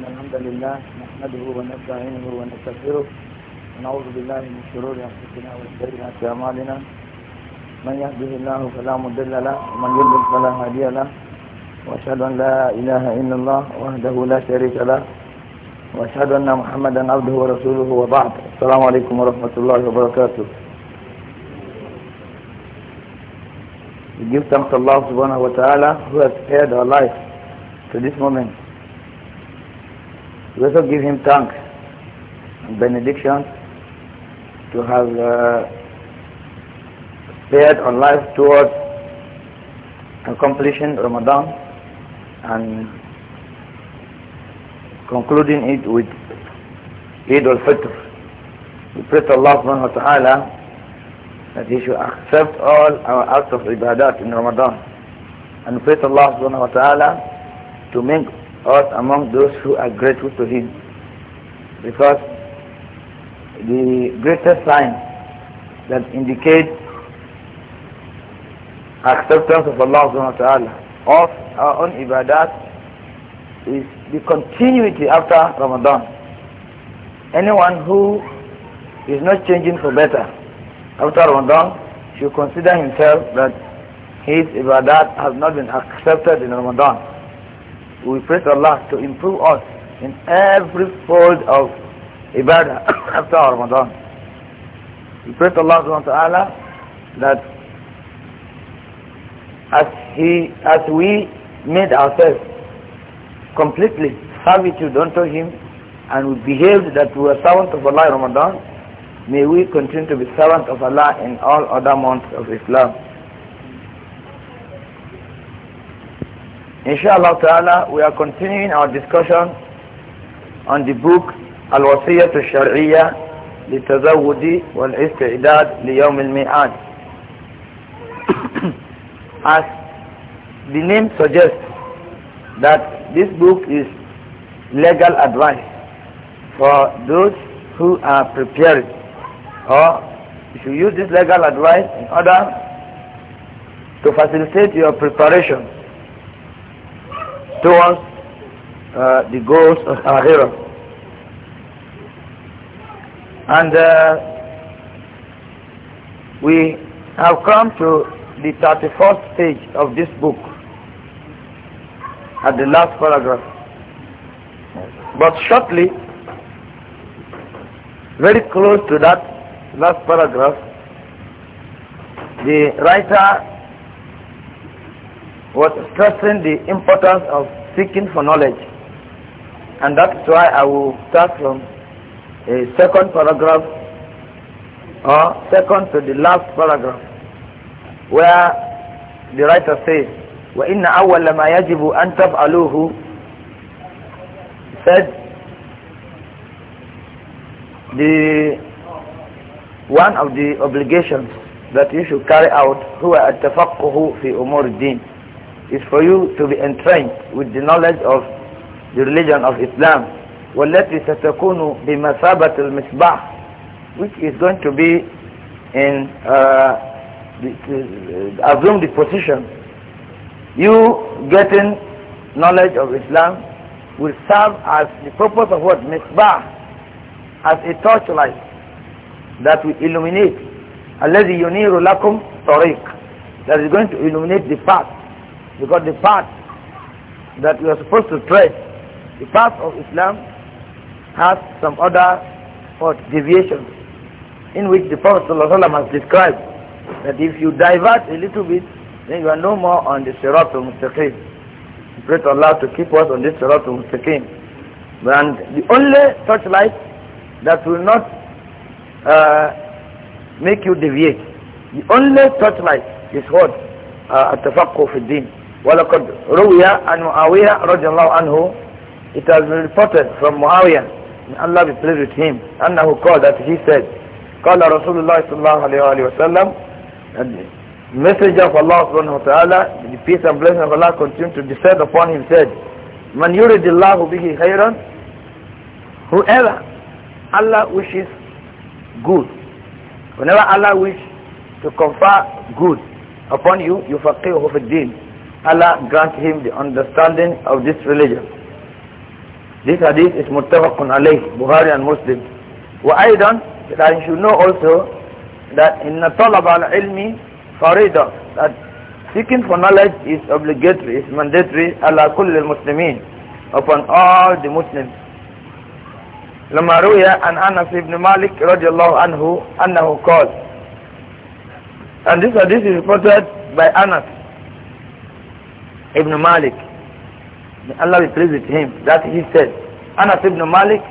إن الحمد لله نحمده ونستعينه ونستغفره ونعوذ بالله من شرور أنفسنا وسيئات أعمالنا من يهده الله فلا مضل له ومن يضلل فلا هادي له وأشهد أن لا إله إلا الله وحده لا شريك له وأشهد أن محمدا عبده ورسوله وبعد السلام عليكم ورحمة الله وبركاته We give thanks to Allah subhanahu wa ta'ala who has spared our life to this moment. We also give him thanks and benediction to have uh, spared on life towards completion Ramadan and concluding it with Eid al-Fitr. We pray to Allah subhanahu wa ta'ala that He should accept all our acts of ibadat in Ramadan and pray to Allah subhanahu wa ta'ala to make us among those who are grateful to him because the greatest sign that indicates acceptance of Allah subhanahu wa ta'ala of our own ibadat is the continuity after Ramadan. Anyone who is not changing for better after Ramadan should consider himself that his ibadat has not been accepted in Ramadan. We pray to Allah to improve us in every fold of ibadah after Ramadan. We pray to Allah subhanahu wa ta'ala that as he as we made ourselves completely servitude unto him and we behaved that we were servants of Allah in Ramadan, may we continue to be servants of Allah in all other months of Islam. Inshallah ta'ala, we are continuing our discussion on the book Al-Wasiyyah Al-Shar'iyya li والاستعداد ليوم الميعاد As the name suggests that this book is legal advice for those who are preparing or if you use this legal advice in order to facilitate your preparation towards uh, the goals of our hero. And uh, we have come to the 31st page of this book at the last paragraph. But shortly, very close to that last paragraph, the writer was stressing the importance of seeking for knowledge. And that's why I will start from a second paragraph or second to the last paragraph where the writer says وَإِنَّ أَوَّلَ مَا يَجِبُ أَن تَفْعَلُوهُ said the one of the obligations that you should carry out هو التفقه في أمور الدين is for you to be entrenched with the knowledge of the religion of Islam والتي ستكون بمثابة المصباح which is going to be in uh, the, uh, assume the position you getting knowledge of Islam will serve as the purpose of what misbah as a torchlight that will illuminate الذي ينير لكم طريق that is going to illuminate the path because the path that you are supposed to tread, the path of Islam has some other what, deviations in which the Prophet ﷺ has described that if you divert a little bit, then you are no more on the Sirat al-Mustaqim. Pray to Allah to keep us on this Sirat al-Mustaqim. And the only such light that will not uh, make you deviate, the only such light is what? Uh, التفقه في الدين وَلَقَدْ رُوِيَ عَنْ مُعَوِيَةَ رَضِيَ اللَّهُ عَنْهُ It has been reported from Muawiyah, may Allah be pleased with him, أنه called that he said, قال رسول الله صلى الله عليه وسلم, messenger of Allah subhanahu wa ta'ala, the peace and blessing of Allah continue to descend upon him, said, Man yuridillahu bihi khairan, whoever Allah wishes good, whenever Allah wishes to confer good upon you, you faqihu fi din. Allah grant him the understanding of this religion. This hadith is muttafaqun alayh, Bukhari and Muslim. وأيضا that I should know also that in al ilmi faridah that seeking for knowledge is obligatory, is mandatory kulli al muslimin upon all the Muslims. لما روي عن أنس بن مالك رضي الله عنه أنه قال and this hadith is reported by Anas Ibn Malik, Allah be pleased with him, that he said, Anas Ibn Malik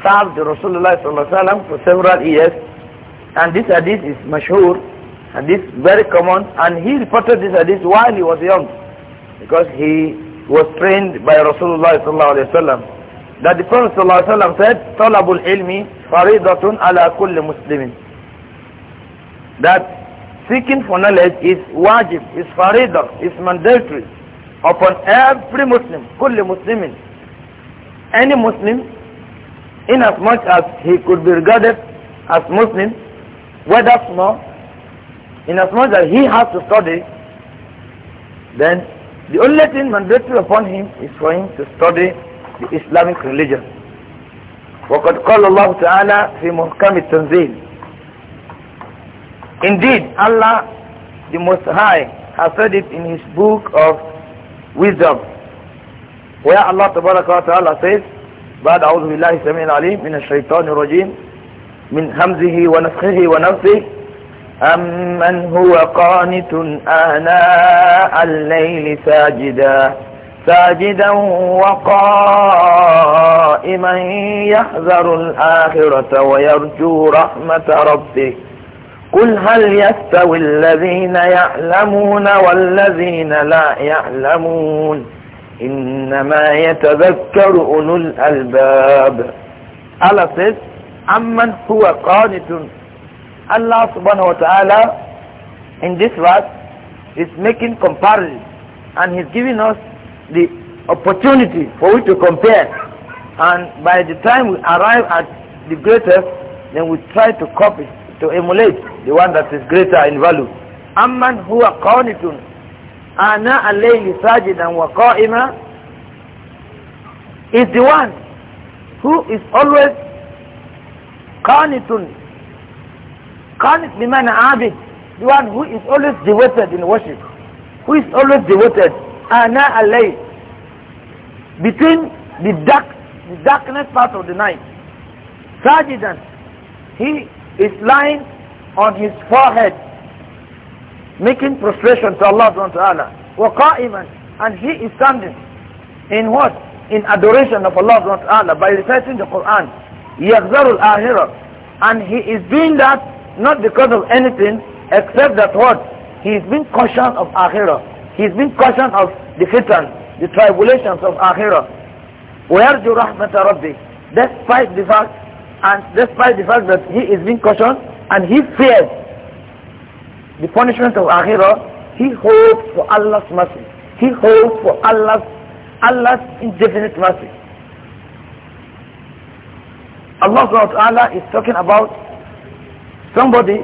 served Rasulullah sallallahu for several years, and this hadith is mashhur, and this very common, and he reported this hadith while he was young, because he was trained by Rasulullah sallallahu that the Prophet ﷺ said, Talabul ilmi faridatun ala kulli muslimin. That seeking for knowledge is wajib, is faridat, is mandatory upon every Muslim, kulli Muslimin, any Muslim, in as much as he could be regarded as Muslim, whether small, in as much as he has to study, then the only thing mandatory upon him is for him to study the Islamic religion. وقد قال الله تعالى في محكم التنزيل Indeed, Allah the Most High has said it in his book of wisdom where Allah Ta'ala says بعد أعوذ بالله السميع العليم من الشيطان الرجيم من همزه ونفخه ونفسه أمن هو قانت آناء الليل ساجدا ساجدا وقائما يحذر الآخرة ويرجو رحمة ربه قل هل يستوي الذين يعلمون والذين لا يعلمون إنما يتذكر أولو الألباب Allah says أمن هو قانت Allah subhanahu wa ta'ala in this verse is making comparison and he's giving us the opportunity for we to compare and by the time we arrive at the greatest then we try to copy to emulate the one that is greater in value amman huwa qanitun ana alayhi sajidan wa qa'ima is the one who is always qanitun qanit bimana abid the one who is always devoted in worship who is always devoted ana alayhi between the dark the darkness part of the night sajidan he is lying on his forehead making prostration to Allah subhanahu wa ta'ala Waqaiman, and he is standing in what in adoration of Allah subhanahu wa ta'ala by reciting the Quran يغزر الآخرة and he is doing that not because of anything except that what he is being cautious of akhirah he is being cautious of the fitan the tribulations of akhirah ويرجو رحمة Rabbi? despite the fact and despite the fact that he is being cautioned and he fears the punishment of Akhirah, he hopes for Allah's mercy. He hopes for Allah's, Allah's indefinite mercy. Allah SWT is talking about somebody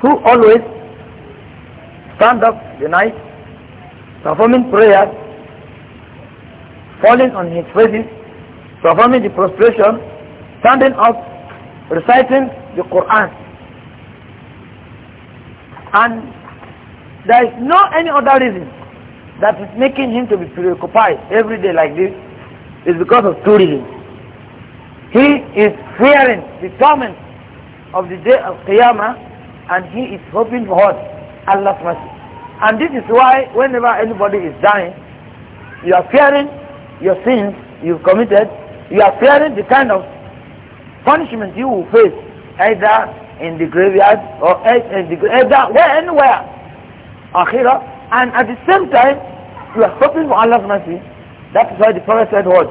who always stands up the night performing prayers, falling on his faces, performing the prostration standing up, reciting the Quran. And there is no any other reason that is making him to be preoccupied every day like this is because of two reasons. He is fearing the torment of the day of Qiyamah and he is hoping for what? Allah's mercy. And this is why whenever anybody is dying, you are fearing your sins you've committed, you are fearing the kind of punishment you will face either in the graveyard or in the, either where, anywhere, akhirah. And at the same time, you are hoping for Allah's mercy. That is why the Prophet said what?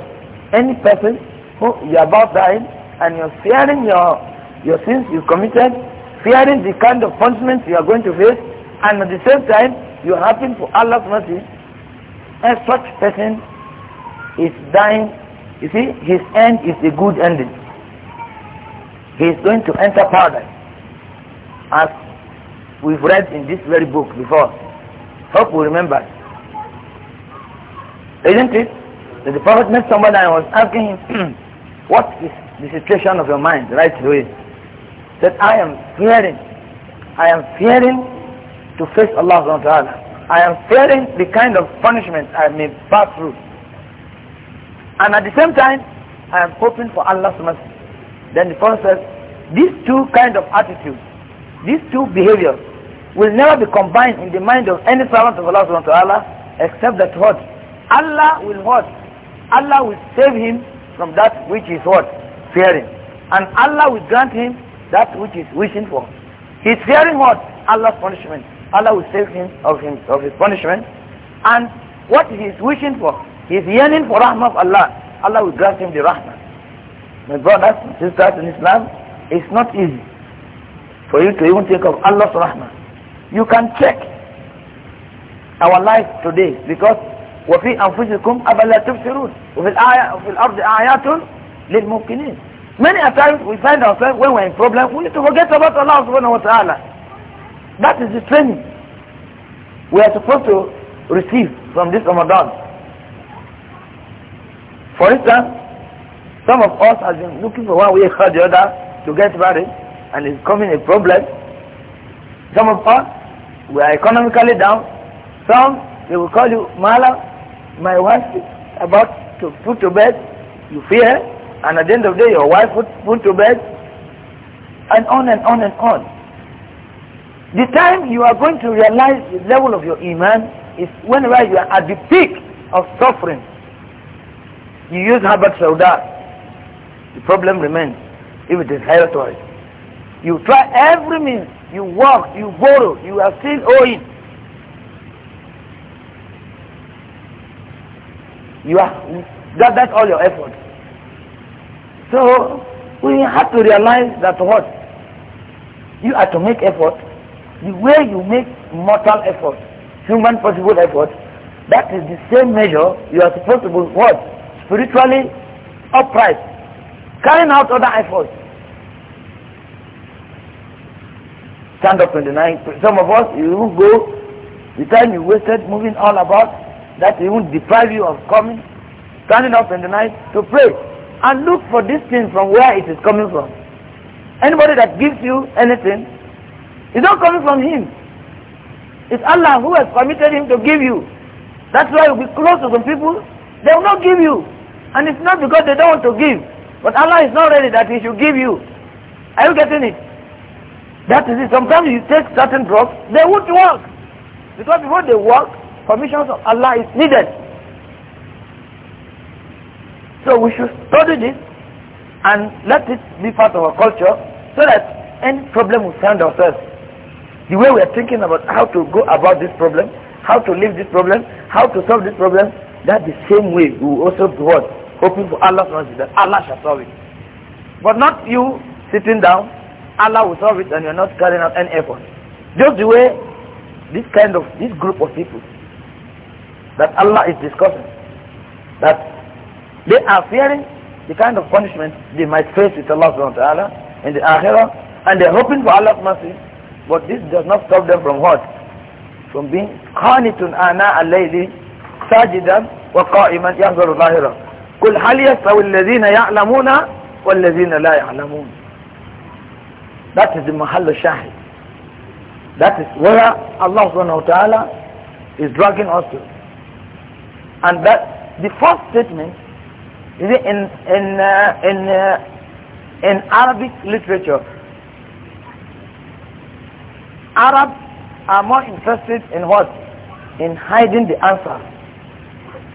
Any person who you are about dying and you're fearing your, your sins you committed, fearing the kind of punishment you are going to face, and at the same time, you are hoping for Allah's mercy, and such person is dying. You see, his end is a good ending he is going to enter paradise as we've read in this very book before hope we remember isn't it that the prophet met somebody and was asking him what is the situation of your mind right away that I am fearing I am fearing to face Allah ta'ala I am fearing the kind of punishment I may pass through and at the same time I am hoping for Allah's mercy then the Prophet says, these two kind of attitudes, these two behaviors will never be combined in the mind of any servant of Allah subhanahu wa ta'ala except that what? Allah will what? Allah will save him from that which is what? Fearing. And Allah will grant him that which is wishing for. He's fearing what? Allah's punishment. Allah will save him of him of his punishment. And what he is wishing for, he is yearning for rahmah of Allah. Allah will grant him the rahmah. My brothers and sisters in Islam, it's not easy for you to even think of Allah's rahmah. You can check our life today because وفي أنفسكم أفلا تبصرون وفي الآية وفي الأرض آيات للممكنين Many a times we find ourselves when we're in problem, we need to forget about Allah subhanahu wa ta'ala. That is the training we are supposed to receive from this Ramadan. For instance, some of us have been looking for one way or the other to get married and it's becoming a problem. Some of us, we are economically down. Some, they will call you, Mala, my wife is about to put to bed. You fear and at the end of the day your wife put, put to bed and on and on and on. The time you are going to realize the level of your iman is whenever you are at the peak of suffering. You use Herbert Saudat the problem remains if it is hereditary. You try every means. You work, you borrow, you are still owing. You are that, that's all your effort. So we have to realize that what you are to make effort, the way you make mortal effort, human possible effort, that is the same measure you are supposed to be what? Spiritually upright carrying out other efforts. Stand up 29. Some of us, you will go. The time you wasted moving all about, that it won't deprive you of coming, standing up in the night to pray. And look for this thing from where it is coming from. Anybody that gives you anything, it's not coming from him. It's Allah who has permitted him to give you. That's why we close to some people, they will not give you. And it's not because they don't want to give. But Allah is not ready that He should give you. Are you getting it? That is it. Sometimes you take certain drugs, they won't work. Because before they work, permission of Allah is needed. So we should study this and let it be part of our culture so that any problem we find ourselves, the way we are thinking about how to go about this problem, how to live this problem, how to solve this problem, that the same way we also do what? Hoping for Allah's mercy that Allah shall solve it. But not you sitting down, Allah will solve it and you're not carrying out any effort. Just the way this kind of, this group of people that Allah is discussing, that they are fearing the kind of punishment they might face with Allah subhanahu wa ta'ala in the Akhirah and they're hoping for Allah's mercy but this does not stop them from what? From being qanitun ana al-layli sajidan wa qa'iman yanzuru zahira قل هل يستوي الذين يعلمون والذين لا يعلمون that is the mahal shahid that is where Allah subhanahu wa ta'ala is dragging us to and that the first statement is in in uh, in uh, in Arabic literature Arabs are more interested in what in hiding the answer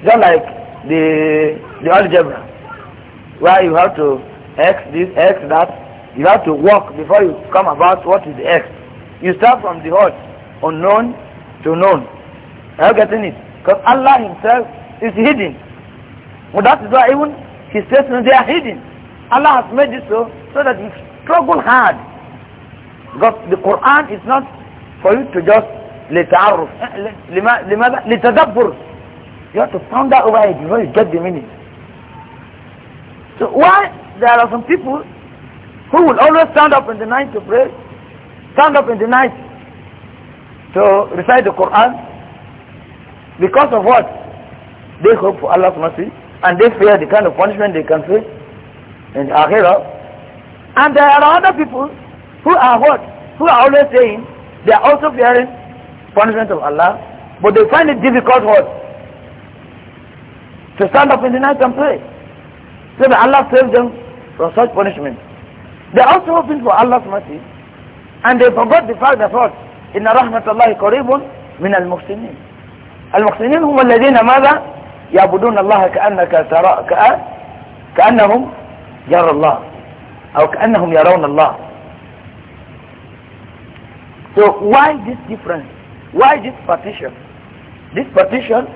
just like the the algebra where you have to x this x that you have to walk before you come about what is the x you start from the what unknown to known are you getting it because allah himself is hidden well, that is why even his statements they are hidden allah has made it so so that you struggle hard because the quran is not for you to just لتعرف لماذا لتدبر you have to ponder over it before you get the meaning so why there are some people who will always stand up in the night to pray, stand up in the night to recite the Quran because of what? They hope for Allah's mercy and they fear the kind of punishment they can face in the Akhirah. And there are other people who are what? Who are always saying they are also fearing punishment of Allah but they find it difficult what? To stand up in the night and pray. So that Allah saved them from such punishment. They also hoping for Allah's mercy. And they forgot the fact that what? إن رحمة الله قريب من المحسنين. المحسنين هم الذين ماذا؟ يعبدون الله كأنك ترى كأن كأنهم يرى الله أو كأنهم يرون الله. So why this difference? Why this partition? This partition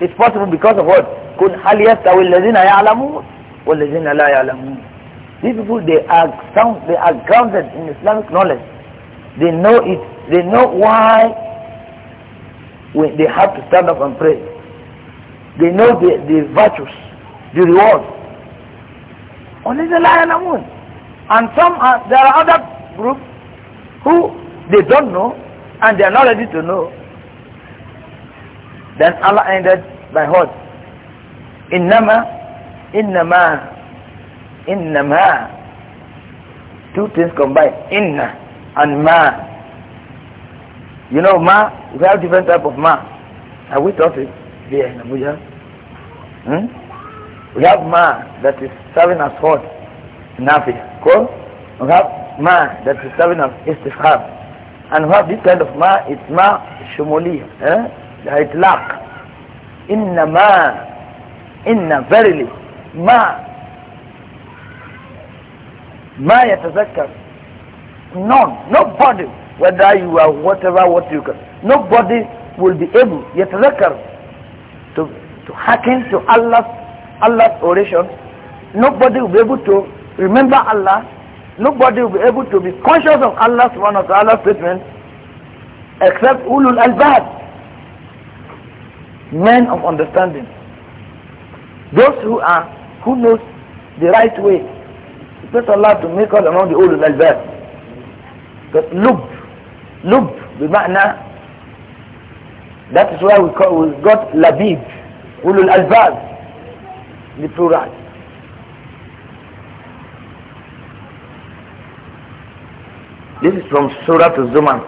is possible because of what? could hal yastawi alladhina ya'lamun walladhina la ya'lamun these people they are sound they are grounded in islamic knowledge they know it they know why when they have to stand up and pray they know the, the virtues the reward walladhina la ya'lamun and some are, there are other groups who they don't know and they are not ready to know then Allah ended by what Innama, innama, innama. Two things combined, inna and ma. You know ma, we have different type of ma. Have we taught it here in Abuja? Hmm? We have ma that is serving as what? Nafia. Cool? We have ma that is serving as istifhab. And we have this kind of ma, it's ma shumuliyah. Eh? The itlaq. Inna ma inna verily ma ma yatazakkar none nobody whether you are whatever what you can nobody will be able yatazakkar to to hearken to Allah's Allah's oration nobody will be able to remember Allah nobody will be able to be conscious of Allah's one of Allah's statement except ulul albab men of understanding those who are, who knows the right way, it not Allah to make us among the ulul but Because lub, lub, bima'na, that is why we, call, we got labib, ulul albab, the plural. This is from Surah to Zuman.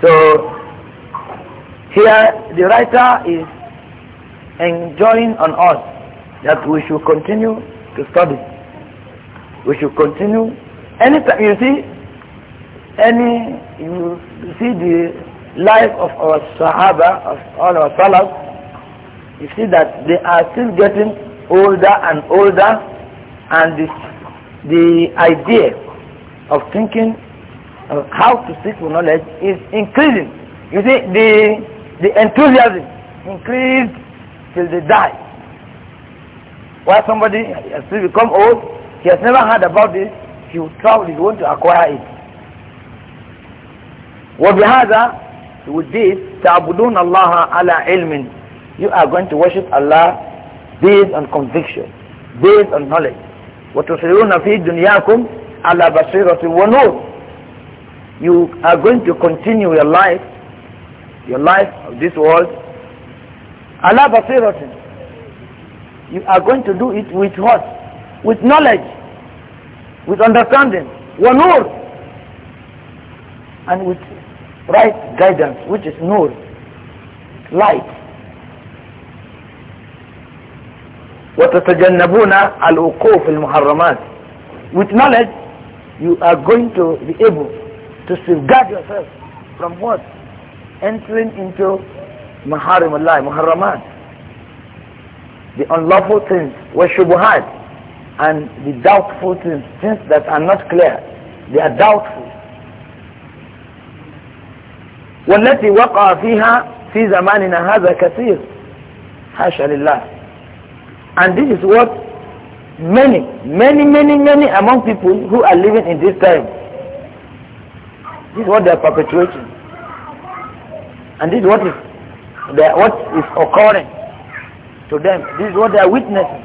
So here the writer is enjoying on us that we should continue to study. We should continue. Anytime you see any you see the life of our Sahaba of all our Salaf, you see that they are still getting older and older, and the the idea of thinking of how to seek for knowledge is increasing. You see the the enthusiasm increased till they die. While somebody has uh, still become old, he has never heard about this, he will travel, he's going to acquire it. وَبِهَذَا With this, تَعْبُدُونَ اللَّهَ عَلَىٰ عِلْمٍ You are going to worship Allah based on conviction, based on knowledge. وَتُسْرِرُونَ فِي دُنْيَاكُمْ عَلَىٰ بَصِيرَةٍ وَنُورٍ You are going to continue your life, your life of this world Allah basiratin. You are going to do it with what? With knowledge, with understanding, wanur, and with right guidance, which is nur, light. with knowledge you are going to be able to safeguard yourself from what entering into maharimullah, muharramat, the unlawful things, washubuhat, and the doubtful things, things that are not clear, they are doubtful. والتي وقع فيها في زماننا هذا كثير حاشا لله and this is what many many many many among people who are living in this time this is what they are perpetuating and this is what is what is occurring to them. This is what they are witnessing.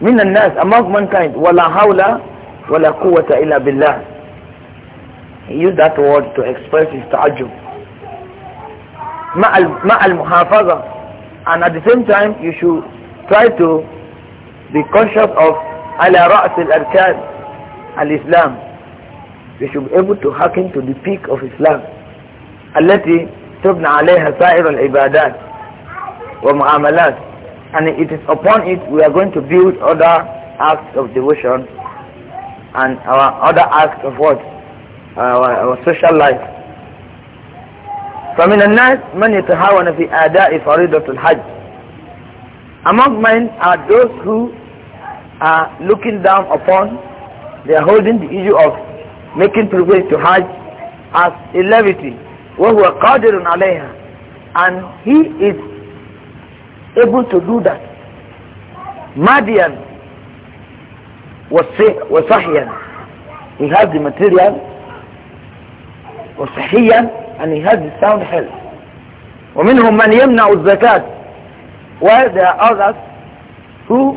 من nas among mankind ولا حول ولا قوة إلا billah. He used that word to express his تعجب ma al المحافظة and at the same time you should try to be conscious of al رأس al Islam. you should be able to hearken to the peak of Islam التي تبنى عليها سائر العبادات ومعاملات and it is upon it we are going to build other acts of devotion and our other acts of what? Our, our social life. فمن الناس من يتهاون في أداء فريضة الحج Among men are those who are looking down upon, they are holding the issue of making pilgrimage to Hajj as a levity وهو قادر عليها and he is able to do that ماديا وصحيا he has the material وصحيا and he has the sound health ومنهم من يمنع الزكاة while there are others who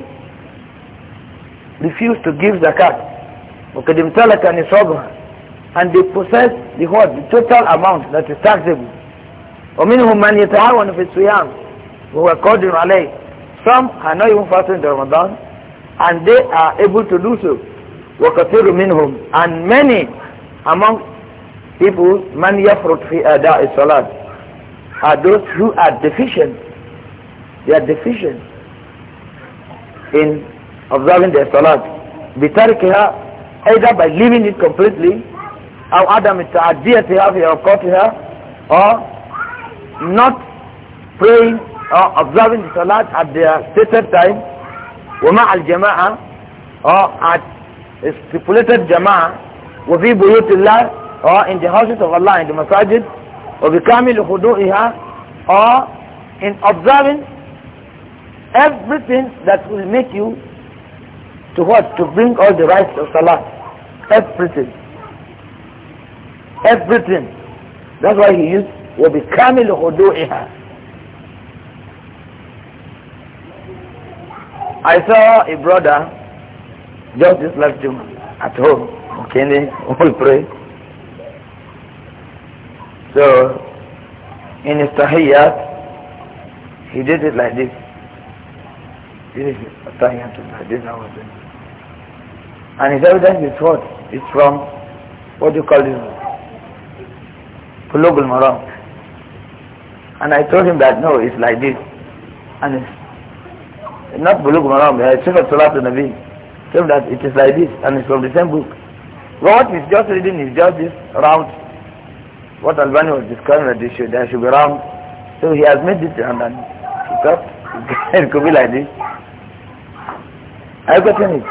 refuse to give zakat وقد امتلك نصابها and they possess the what the total amount that is taxable ومنهم من يتعاون في الصيام وهو قادر عليه some are not even fasting the Ramadan and they are able to do so وكثير منهم and many among people من يفرط في أداء الصلاة are those who are deficient they are deficient in observing their salat بتركها either by leaving it completely أو عدم تعديتها في أوقاتها or not praying or observing the salat at their stated time ومع الجماعة or at stipulated جماعة وفي بيوت الله or in the houses of Allah in the masajid وبكامل خضوعها or in observing everything that will make you to what? To bring all the rights of salah. Everything everything that's why he used وبكامل خضوعها I saw a brother just this last time at home okay we'll pray so in his tahiyyat he did it like this this is tahiyyat like this I was and it's evident it's what it's from what do you call this Qulub al And I told him that, no, it's like this. And it's not Bulug Maram, it's Sifat Salat al Told that it is like this, and it's from the same book. What he's just reading is just this round. What Albani was describing that should, there should be round. So he has made it and then he thought it could be like this. I've gotten it.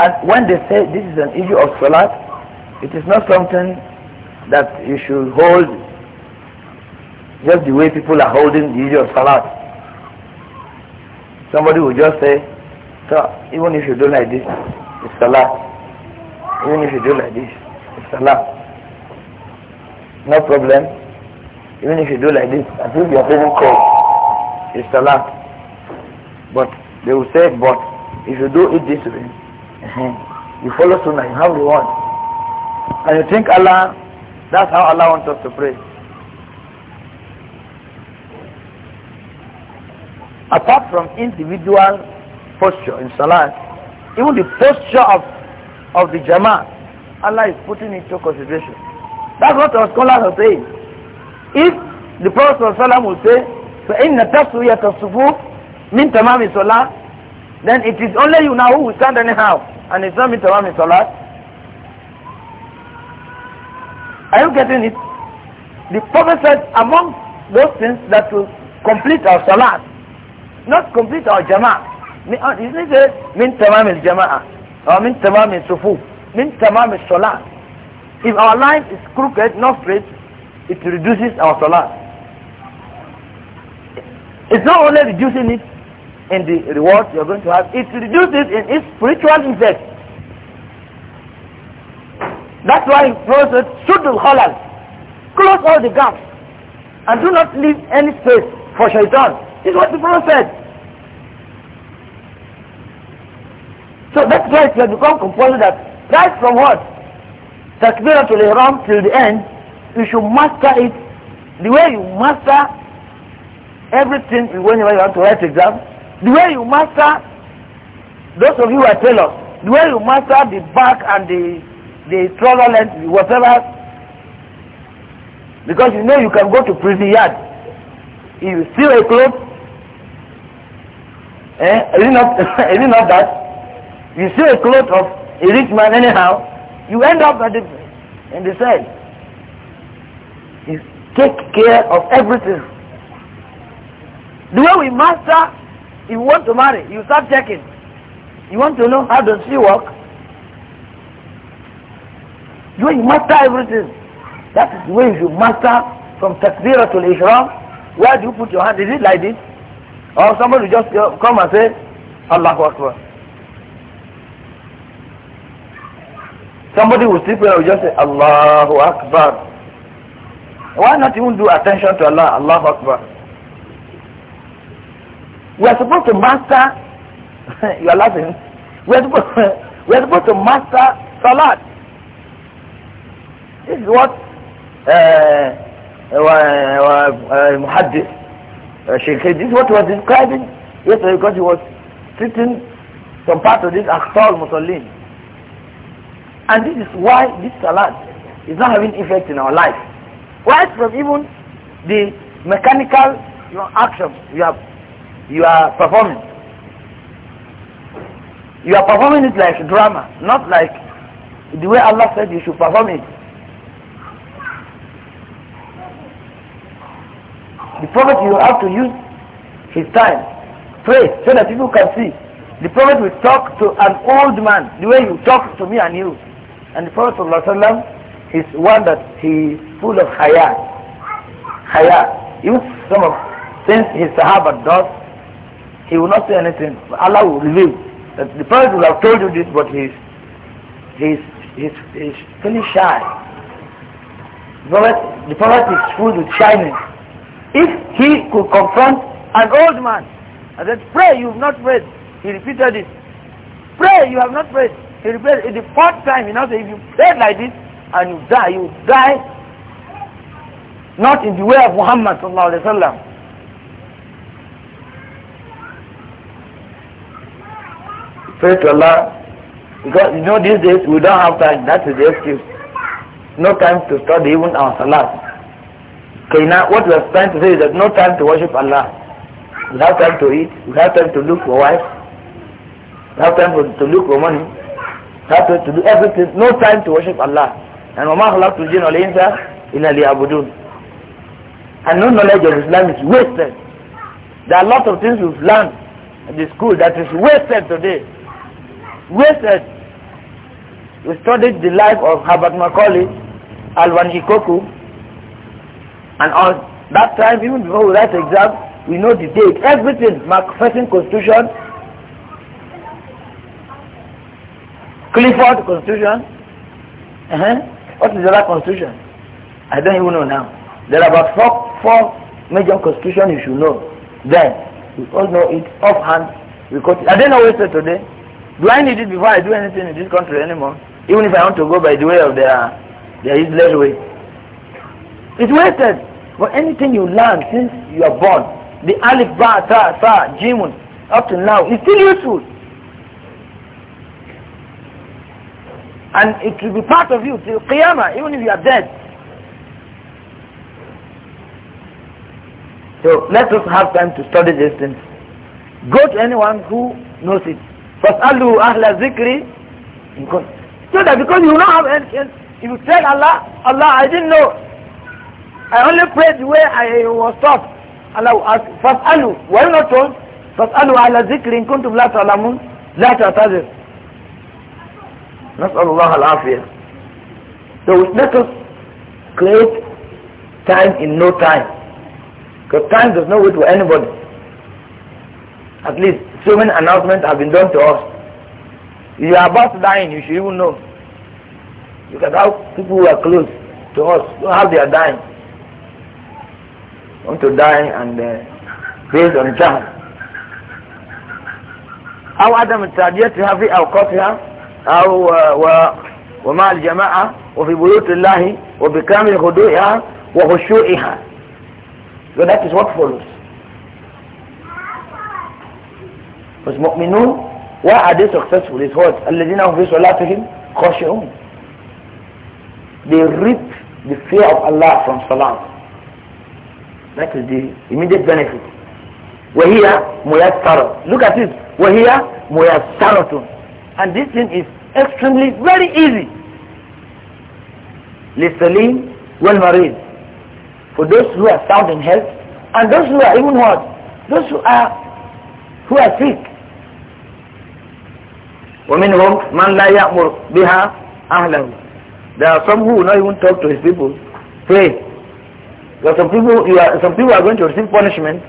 And when they say this is an issue of Salat, it is not something that you should hold just the way people are holding the issue salah. salat. Somebody will just say, so even if you do like this, it's salat. Even if you do like this, it's salat. No problem. Even if you do like this, I think you are feeling cold. It's salat. But they will say, but if you do it this way, uh-huh, you follow sunnah, you have reward. And you think Allah That's how Allah wants us to pray. Apart from individual posture in Salah, even the posture of, of the Jama'ah, Allah is putting into consideration. That's what our scholars are saying. If the Prophet ﷺ will say, "So in فَإِنَّ تَسْوِيَةَ الصُّفُوفِ min تَمَامِ صَلَاةِ Then it is only you now who will stand anyhow, and it's not min tamami salat. Are you getting it? The Prophet said among those things that will complete our salah, not complete our jama'ah. Uh, isn't it min tamam al-jama'ah or min tamam al-sufu, min tamam al-salah. If our line is crooked, not straight, it reduces our salah. It's not only reducing it in the reward you're going to have, it reduces in its spiritual effect. That's why Prophet throws it Halal. Close all the gaps. And do not leave any space for shaitan. This is what the Prophet said. So that's why it has become compulsory that right from what? Takbiratul Ihram till the end, you should master it the way you master everything whenever you want to write exam, the way you master those of you who are tailors, the way you master the back and the the fraudulent whatever because you know you can go to prison yard if you steal a cloth eh is it not is it not that you steal a cloth of a rich man anyhow you end up at the in the cell you take care of everything the way we master if you want to marry you start checking you want to know how does she work You master everything. That is the way you master from takbirah to Israel. Where do you put your hand? Is it like this? Or somebody just uh, come and say, Allahu Akbar. Somebody will sleep and will just say, Allahu Akbar. Why not even do attention to Allah? Allahu Akbar. We are supposed to master, you are laughing, we are supposed, we are supposed to master Salat. This is what Muhaddis, uh, uh, uh, uh this is what was describing yesterday because he was treating some part of this Akhtar Muslim. And this is why this Salat is not having effect in our life. Why, from even the mechanical your action you are, you are performing. You are performing it like drama, not like the way Allah said you should perform it. The prophet you have to use his time. Pray so that people can see. The prophet will talk to an old man the way you talk to me and you. And the prophet sallam, is one that he is full of hayat. Hayat. Even some of since his sahaba does, he will not say anything. Allah will reveal that the prophet will have told you this, but he's he's he's he's really shy. The prophet, the prophet is full with shyness. If he could confront an old man, I said, pray, you have not prayed. He repeated it. Pray, you have not prayed. He repeated it the fourth time. He now said, if you prayed like this and you die, you die not in the way of Muhammad sallallahu wa sallam. Pray to Allah because you know these days we don't have time. That is the excuse. No time to study even our Salah." Okay, now what we are trying to say is that no time to worship Allah. We have time to eat, we have time to look for wife, we have time for, to look for money, we have time to do everything, no time to worship Allah. And وَمَا خَلَقْتُ الْجِنَّ in إِلَّا لِيَعْبُدُونَ And no knowledge of Islam is wasted. There are a lot of things we've learned at the school that is wasted today. Wasted. We studied the life of Herbert Macaulay, Alwan Ikoku, And on that time, even before we write exam, we know the date. Everything, MacPherson Constitution, Clifford Constitution, uh -huh. what is the other constitution? I don't even know now. There are about four, four major Constitution you should know. Then, we all know it offhand. We quote it. I don't know what it today. Do I need it before I do anything in this country anymore? Even if I want to go by the way of their, their useless way. It's wasted. But anything you learn since you are born, the alif, ba, ta, sa, jimun, up to now, is still useful. And it will be part of you till Qiyamah, even if you are dead. So let us have time to study these things. Go to anyone who knows it. فَاسْأَلُوا أَهْلَ الذِّكْرِ So that because you don't have anything, if you tell Allah, Allah, I didn't know, I only prayed where I was taught. Allah asked, فَاسْأَلُوا Allah, you not told? فَاسْأَلُوا عَلَى ذِكْرِ إِن كُنْتُمْ لَا تَعْلَمُونَ لَا تَعْتَذِرُ نسأل الله العافية So let us create time in no time. Because time does not wait for anybody. At least so many announcements have been done to us. If you are about dying, you should even know. Look at how people who are close to us, how they are dying. want to die and uh, based on jahl أو عدم تاديتها في أوقاتها أو و ومع الجماعة وفي بيوت الله وبكامل خضوعها وخشوعها So that is what follows. was mu'minun, why are they successful? is what? الذين هم في صلاتهم خاشعون. They rip the fear of Allah from salat. That is the immediate benefit. وَهِيَ مُيَسَّرَةٌ Look at this. وَهِيَ مُيَسَّرَةٌ And this thing is extremely very easy. لِلسَّلِيمِ وَالْمَرِيدِ For those who are sound in health and those who are even what? Those who are who are sick. وَمِنْهُمْ مَنْ لَا يَأْمُرْ بِهَا أَهْلَهُ There are some who will not even talk to his people. Pray. Because some people, are, some people are going to receive punishment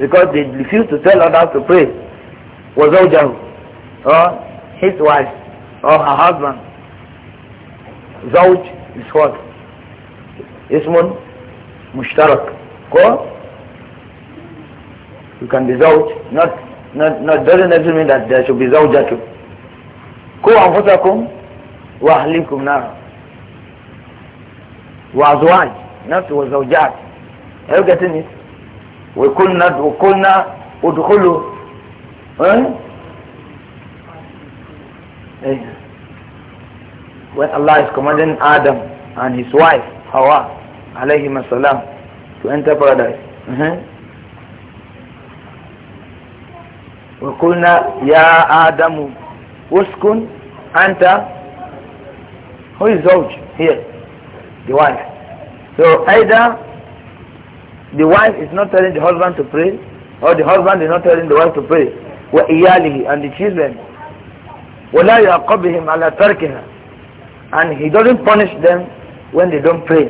because they refuse to tell others to pray. وزوجه or his wife or her husband. زوج is what? اسم مشترك. Go. You can be زوج. Not, not, not doesn't necessarily mean that there should be زوجة. wa أنفسكم وأهليكم نارا. وأزواج not وزوجات are you getting it وكنا وكنا ادخلوا when Allah is commanding Adam and his wife Hawa alayhi salam to enter paradise uh -huh. Ya يا آدم اسكن أنت who is زوج here the wife so either the wife is not telling the husband to pray, or the husband is not telling the wife to pray. وَإِيَالِهِ And the children. وَلَا يَعْقَبِهِمْ عَلَى تَرْكِهَا And he doesn't punish them when they don't pray.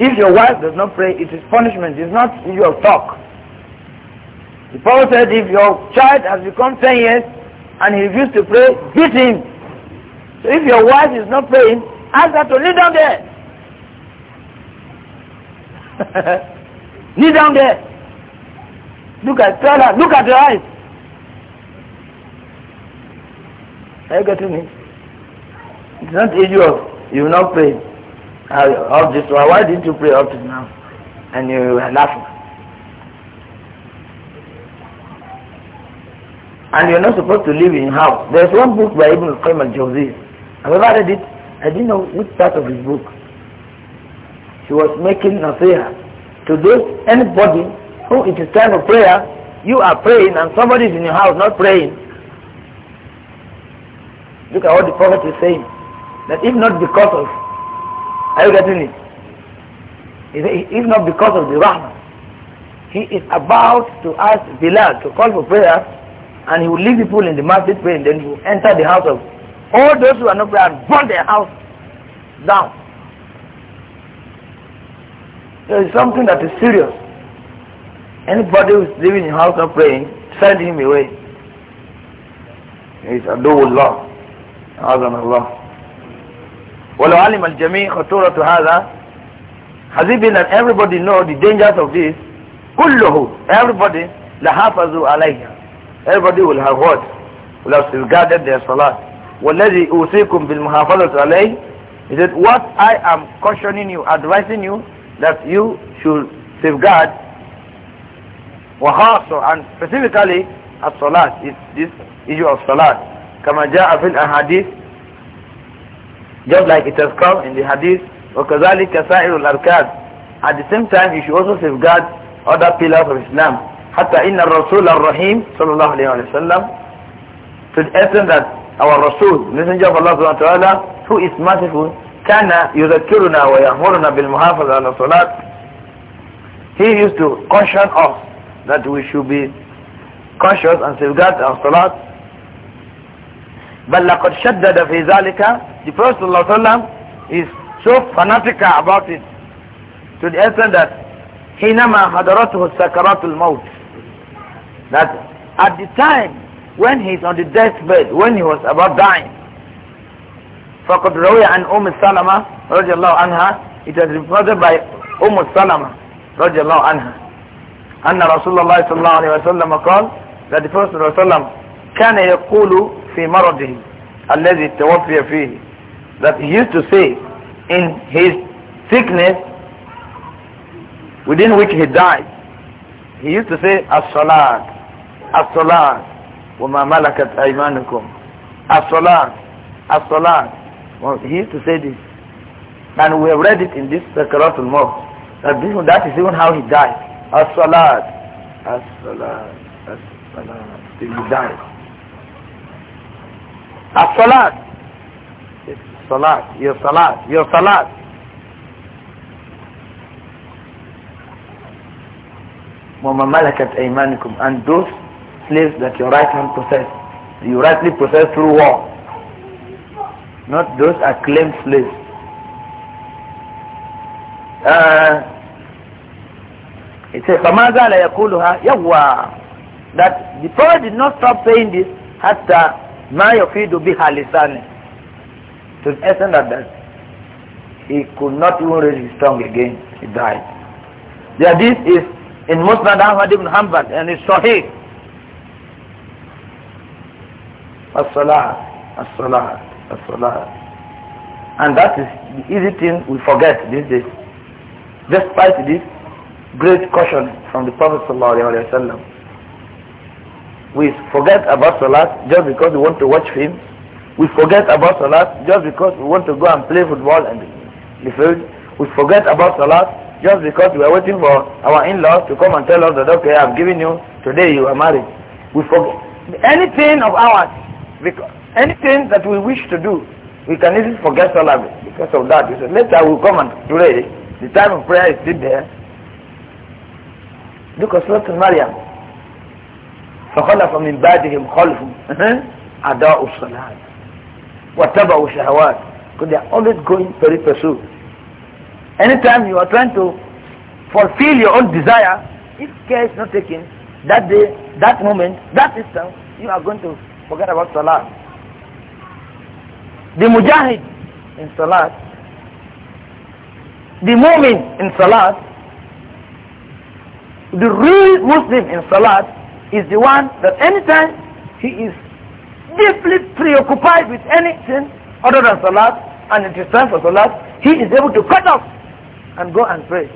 If your wife does not pray, it is punishment. It's not your talk. The prophet said, if your child has become 10 years and he refused to pray, beat him. So if your wife is not praying, ask her to kneel down there. kneel down there look at tell her look at your eyes are you getting me it's not usual. you not pray all this why why didn't you pray up to now and you were laughing and you're not supposed to live in house there's one book by Ibn Qayyim al-Jawzi have you ever read it I didn't know which part of his book she was making nasihah to those anybody who it is time of prayer, you are praying and somebody is in your house not praying. Look at what the Prophet is saying. That if not because of, are you getting it? If not because of the Rahmah, he is about to ask Bilal to call for prayer and he will leave people in the masjid praying. Then he will enter the house of all those who are not praying and burn their house down. So it's something that is serious. Anybody who's living in house and praying, send him away. He's Aduullah. عظم Allah. ولو علم الجميع خطورة هذا has it been that everybody know the dangers of this كله everybody لحافظوا عليها everybody will have what will have safeguarded their salat والذي أوصيكم بالمحافظة عليه he said what I am cautioning you advising you that you should safeguard وخاصة and specifically الصلاة is this issue of salat كما جاء في الأحاديث just like it has come in the hadith وكذلك سائر الأركان at the same time you should also safeguard other pillars of Islam حتى إن الرسول الرحيم صلى الله عليه وسلم to the extent that our Rasul messenger of Allah subhanahu wa ta'ala who is merciful كان يذكرنا ويأمرنا بالمحافظة على الصلاة he used to caution us that we should be cautious and safeguard our صلاة بل لقد شدد في ذلك the Prophet صلى الله عليه وسلم is so fanatical about it to the extent that حينما حضرته سكرات الموت that at the time when he is on the deathbed when he was about dying فقد روي عن أم السلمة رضي الله عنها it is reported by أم السلمة رضي الله عنها أن رسول الله صلى الله عليه وسلم قال that the Prophet صلى الله عليه وسلم كان يقول في مرضه الذي توفي فيه that he used to say in his sickness within which he died he used to say الصلاة الصلاة وما ملكت ايمانكم الصلاة الصلاة Well, he used to say this. And we have read it in this Sakarat al That, this, that is even how he died. As-salat. As-salat. As-salat. Till he died. As-salat. Salat. Your salat. Your salat. وَمَا مَلَكَتْ أَيْمَانِكُمْ And those slaves that your right hand possess, you rightly possess through war. Not those acclaimed claimed slaves. Uh, it says, فَمَا يَقُولُهَا يَوَّا That the Prophet did not stop saying this حَتَّى مَا يَفِيدُ بِهَا لِسَانِ To the essence of that, he could not even raise his tongue again. He died. The hadith is in Musnad Ahmad ibn Hanbal and it's Sahih. as الصلاة and that is the easy thing we forget these days. Despite this great caution from the Prophet ﷺ, we forget about Salat just because we want to watch films. We forget about Salat just because we want to go and play football and the field. We forget about Salat just because we are waiting for our in-laws to come and tell us that, okay, I've given you, today you are married. We forget anything of ours because Anything that we wish to do, we can easily forget Salah because of that. He said, later we'll come and pray. The time of prayer is still there. Look at Surah Maryam. فخلف من بعدهم خلف أداء الصلاة shall شهوات because they are always going very pursuit. Anytime you are trying to fulfill your own desire, if care is not taken, that day, that moment, that instant, you are going to forget about Salah the mujahid in salat the mu'min in salat the real muslim in salat is the one that anytime he is deeply preoccupied with anything other than salat and it is time for salat he is able to cut off and go and pray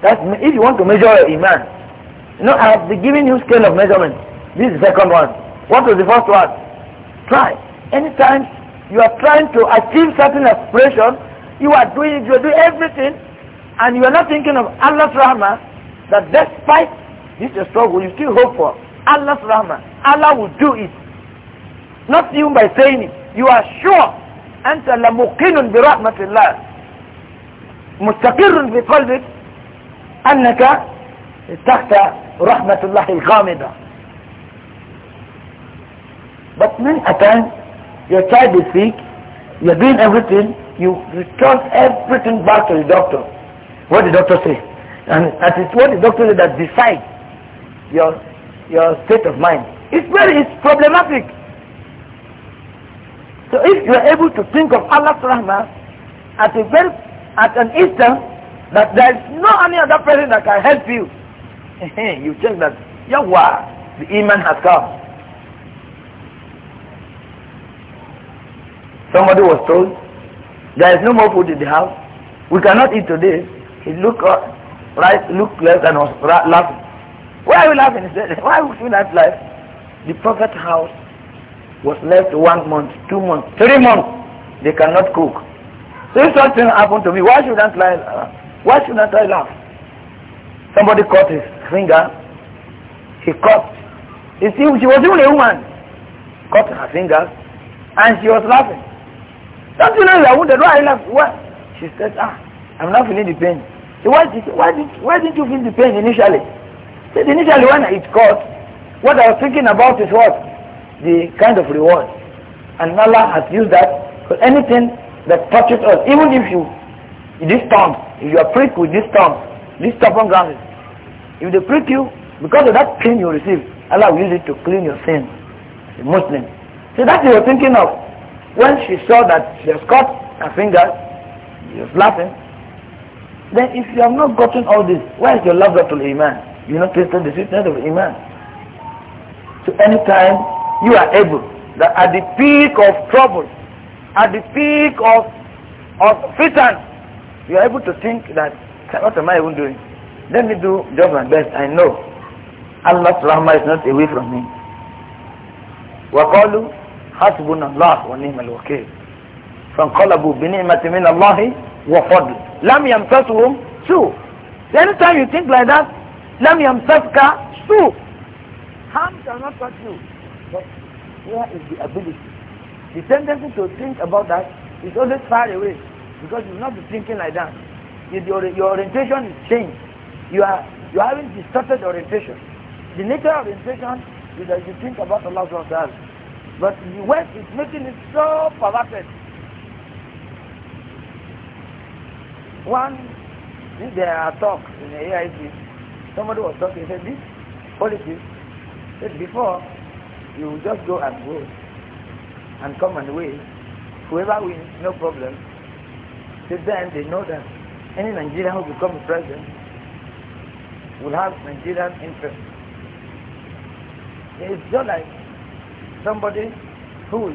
That if you want to measure your iman you know i have given you scale of measurement this is the second one what was the first one try Anytime you are trying to achieve certain aspiration, you are doing you are doing everything, and you are not thinking of Allah's Rahmah, that despite this struggle, you still hope for Allah's Rahmah. Allah will do it. Not even by saying it. You are sure. أنت لمقين برحمة الله مستقر في قلبك أنك تحت رحمة الله الغامضة But many a time your child is sick, you're doing everything, you return everything back to the doctor. What the doctor say? And that is what the doctor that decides your your state of mind. It's very it's problematic. So if you are able to think of Allah's rahmah at a very at an instant that there is no any other person that can help you, you think that Yahweh, the iman has come. Somebody was told, there is no more food in the house. We cannot eat today. He looked up, right, looked left and was laughing. Why are we laughing? He said, why would we not laugh? The prophet's house was left one month, two months, three months. They cannot cook. So if something happened to me, why shouldn't I, uh, why shouldn't I laugh? Somebody cut his finger. He cut. You see, she was even a woman. Cut her finger and she was laughing. Don't you know you are wounded? Why are you laughing? Why? She said, ah, I'm not feeling the pain. So why did, why did, why didn't you feel the pain initially? She said, initially when it caught, what I was thinking about is what? The kind of reward. And Allah has used that for anything that touches us. Even if you, this tongue, if you are pricked with this tongue, this stubborn ground, if they prick you, because of that pain you receive, Allah will use it to clean your sin. The Muslim. So that's what you're thinking of. When she saw that she has cut her finger, she was laughing. Then if you have not gotten all this, where is your love got to the Iman? You not tasted the sweetness of Iman. So anytime you are able, that at the peak of trouble, at the peak of, of fitan, you are able to think that, what am I even doing? Let me do just my best. I know Allah's rahmah is not away from me. وقالوا حسبنا الله ونعم الوكيل فانقلبوا بنعمة من الله وفضل لم يمسسهم سوء time you think like that لم يمسسك سوء harm cannot touch you but where is the ability the tendency to think about that is always far away because you not be thinking like that your, your orientation is changed you are you are having distorted orientation the nature of orientation is that you think about Allah subhanahu wa ta'ala but the West is making it so perverted. One, there are talks in the AIC. Somebody was talking, said this politics, said before, you just go and vote and come and win. Whoever wins, no problem. Said then they know that any Nigerian who becomes president will have Nigerian interest. It's just like somebody who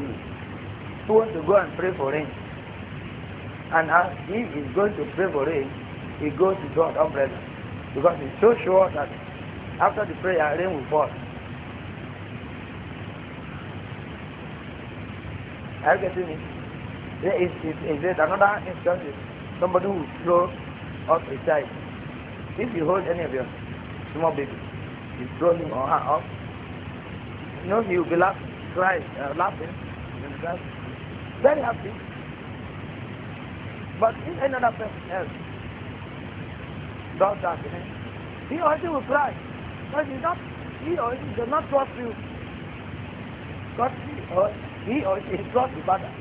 who wants to go and pray for rain and as he is going to pray for rain he goes to draw an umbrella because he's so sure that after the prayer rain will fall are you getting me there is, is, is there another instance somebody who throws off a child if you hold any of your small babies, you throw him or her off you know he will be laughing crying, uh, laughing, very happy. But if another person else does that, eh, he always will cry. But he, not, he or she does not trust you. Because he or, he or she trusts the father.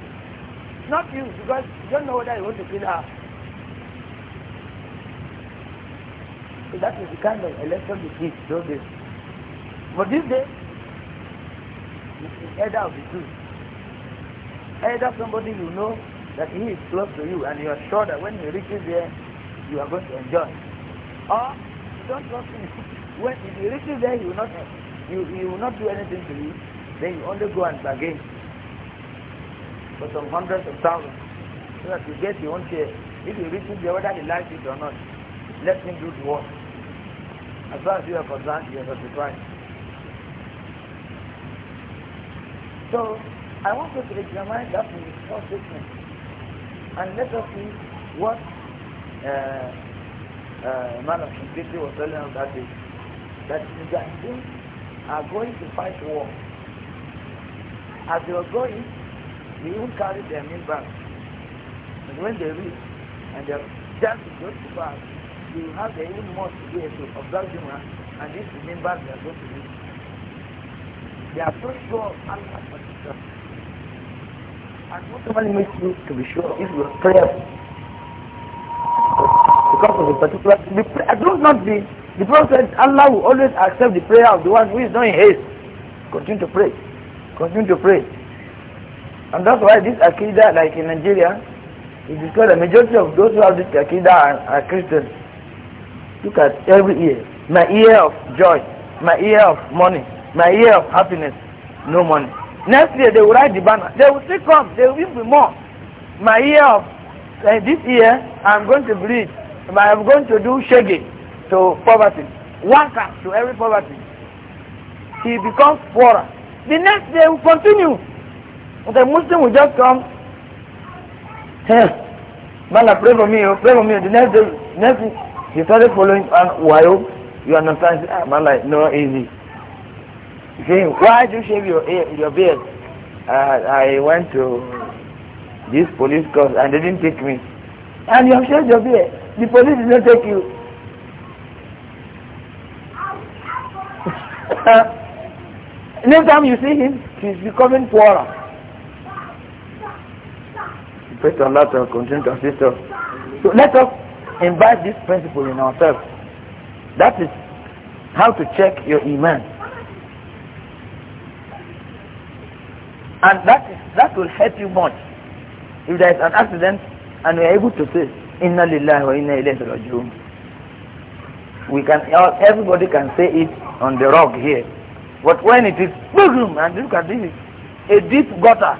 Not you, because you don't know whether you want to kill her. So that is the kind of election we teach those days. But these days, Either of the two. Either somebody you know that he is close to you and you are sure that when he reaches there, you are going to enjoy. Or don't trust him. when if he reaches there, he will not you he will not do anything to you. Then you only go and bargain for some hundreds of thousands so that you get your own share. If he reaches there, whether he likes it or not, let him do the work. As far as you are concerned, you are satisfied. So I want us to examine that in the first statement and let us see what uh, uh, man of simplicity was telling us that day that Mujahideen are going to fight war. As they were going, they even carried their main bags. And when they reached and they are just going to pass, they will have even more to do to observe Jumrah and this remember they are going to do. I first law of Allah you to be sure is your prayer. Because of the particular, I don't not be, the Prophet Allah will always accept the prayer of the one who is not in haste. Continue to pray. Continue to pray. And that's why this Akida, like in Nigeria, it is called the majority of those who have this Akida are, are Christians. Look at every ear. My ear of joy. My ear of money my year of happiness no money next year they will write the banner they will still come they will be more my year of uh, this year I am going to bleed am going to do shaking to poverty One worker to every poverty he becomes poorer the next day will continue the muslim will just come hey mala pray for me oh, pray for me the next day next day he started following and ah, wayo oh, you understand ah mala no easy saying, why do you shave your, your beard? Uh, I went to this police course and they didn't take me. And you have shaved your beard. The police did not take you. Next time you see him, he's becoming poorer. Pray to Allah to continue to assist us. So let us invite this principle in ourselves. That is how to check your iman. And that, is, that will help you much. If there is an accident and we are able to say, Inna lillahi wa inna ilayhi rajiun. We can, everybody can say it on the rock here. But when it is, boom, and look at this, a deep gutter.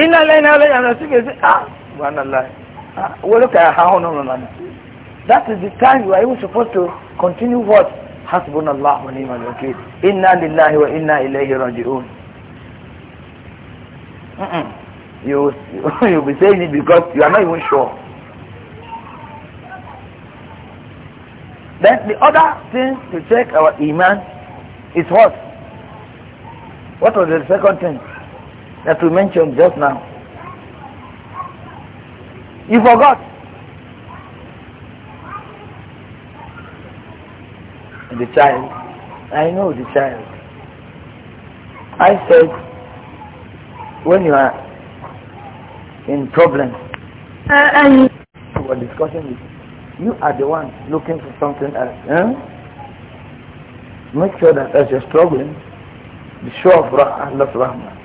Inna lillahi wa inna ilayhi rajiun. Ah, subhanallah. Ah, well, look at ah, how, ah, oh, no, no, no. That is the time you are even supposed to continue what? hasbuna allah wa ni'mal wakil inna lillahi wa inna ilayhi raji'un you you be saying it because you are not even sure then the other thing to check our iman is what what was the second thing that we mentioned just now you forgot the child. I know the child. I said, when you are in problems, and we were discussing this, you are the one looking for something else. Make sure that as you're struggling, be sure of Allah's rahmah.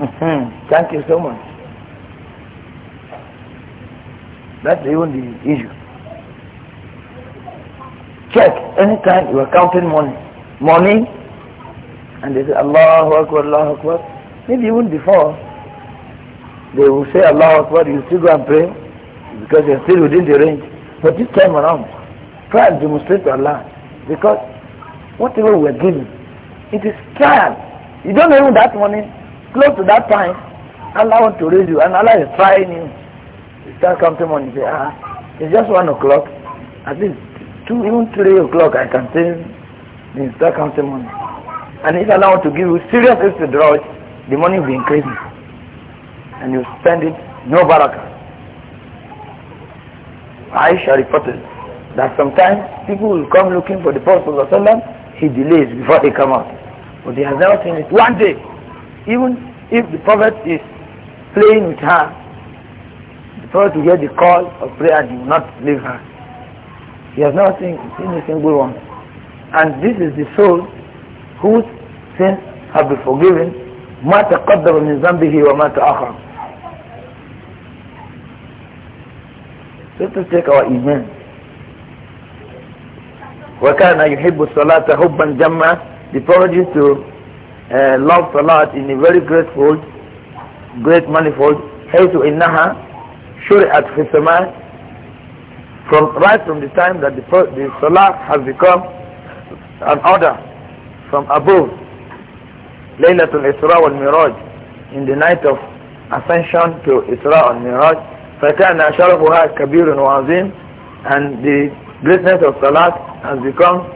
Mm-hmm. Thank you so much. That's the only issue check anytime you are counting money. Money, and they say, Allahu Akbar, Allahu Akbar. Maybe even before, they will say Allahu Akbar, you still go and pray, because you're still within the range. But this time around, try and demonstrate to Allah, because whatever we are given, it is trial. You don't know that morning close to that time, Allah wants to raise you, and Allah is trying you. You start counting money, you say, ah, it's just one o'clock, at least two, even three o'clock I can say the start counting money. And if Allah want to give you serious istidraj, the money will be increasing. And you spend it, no barakah. Aisha reported that sometimes people will come looking for the Prophet he delays before they come out. But he has never seen it. One day, even if the Prophet is playing with her, the Prophet will hear the call of prayer and he will not leave her. He has never seen, seen a single one. And this is the soul whose sins have been forgiven ما تقدم من ذنبه وما تأخر Let us take our iman. وكان يحب الصلاة حبا جما The Prophet used to uh, love Salat in a very grateful, great manifold. حيث إنها شرعت في السماء from right from the time that the, the salah has become an order from above Laylatul Isra wal Miraj in the night of ascension to Isra wal Miraj فَكَانَ شَرَفُهَا كَبِيرٌ وَعَظِيمٌ and the greatness of Salat has become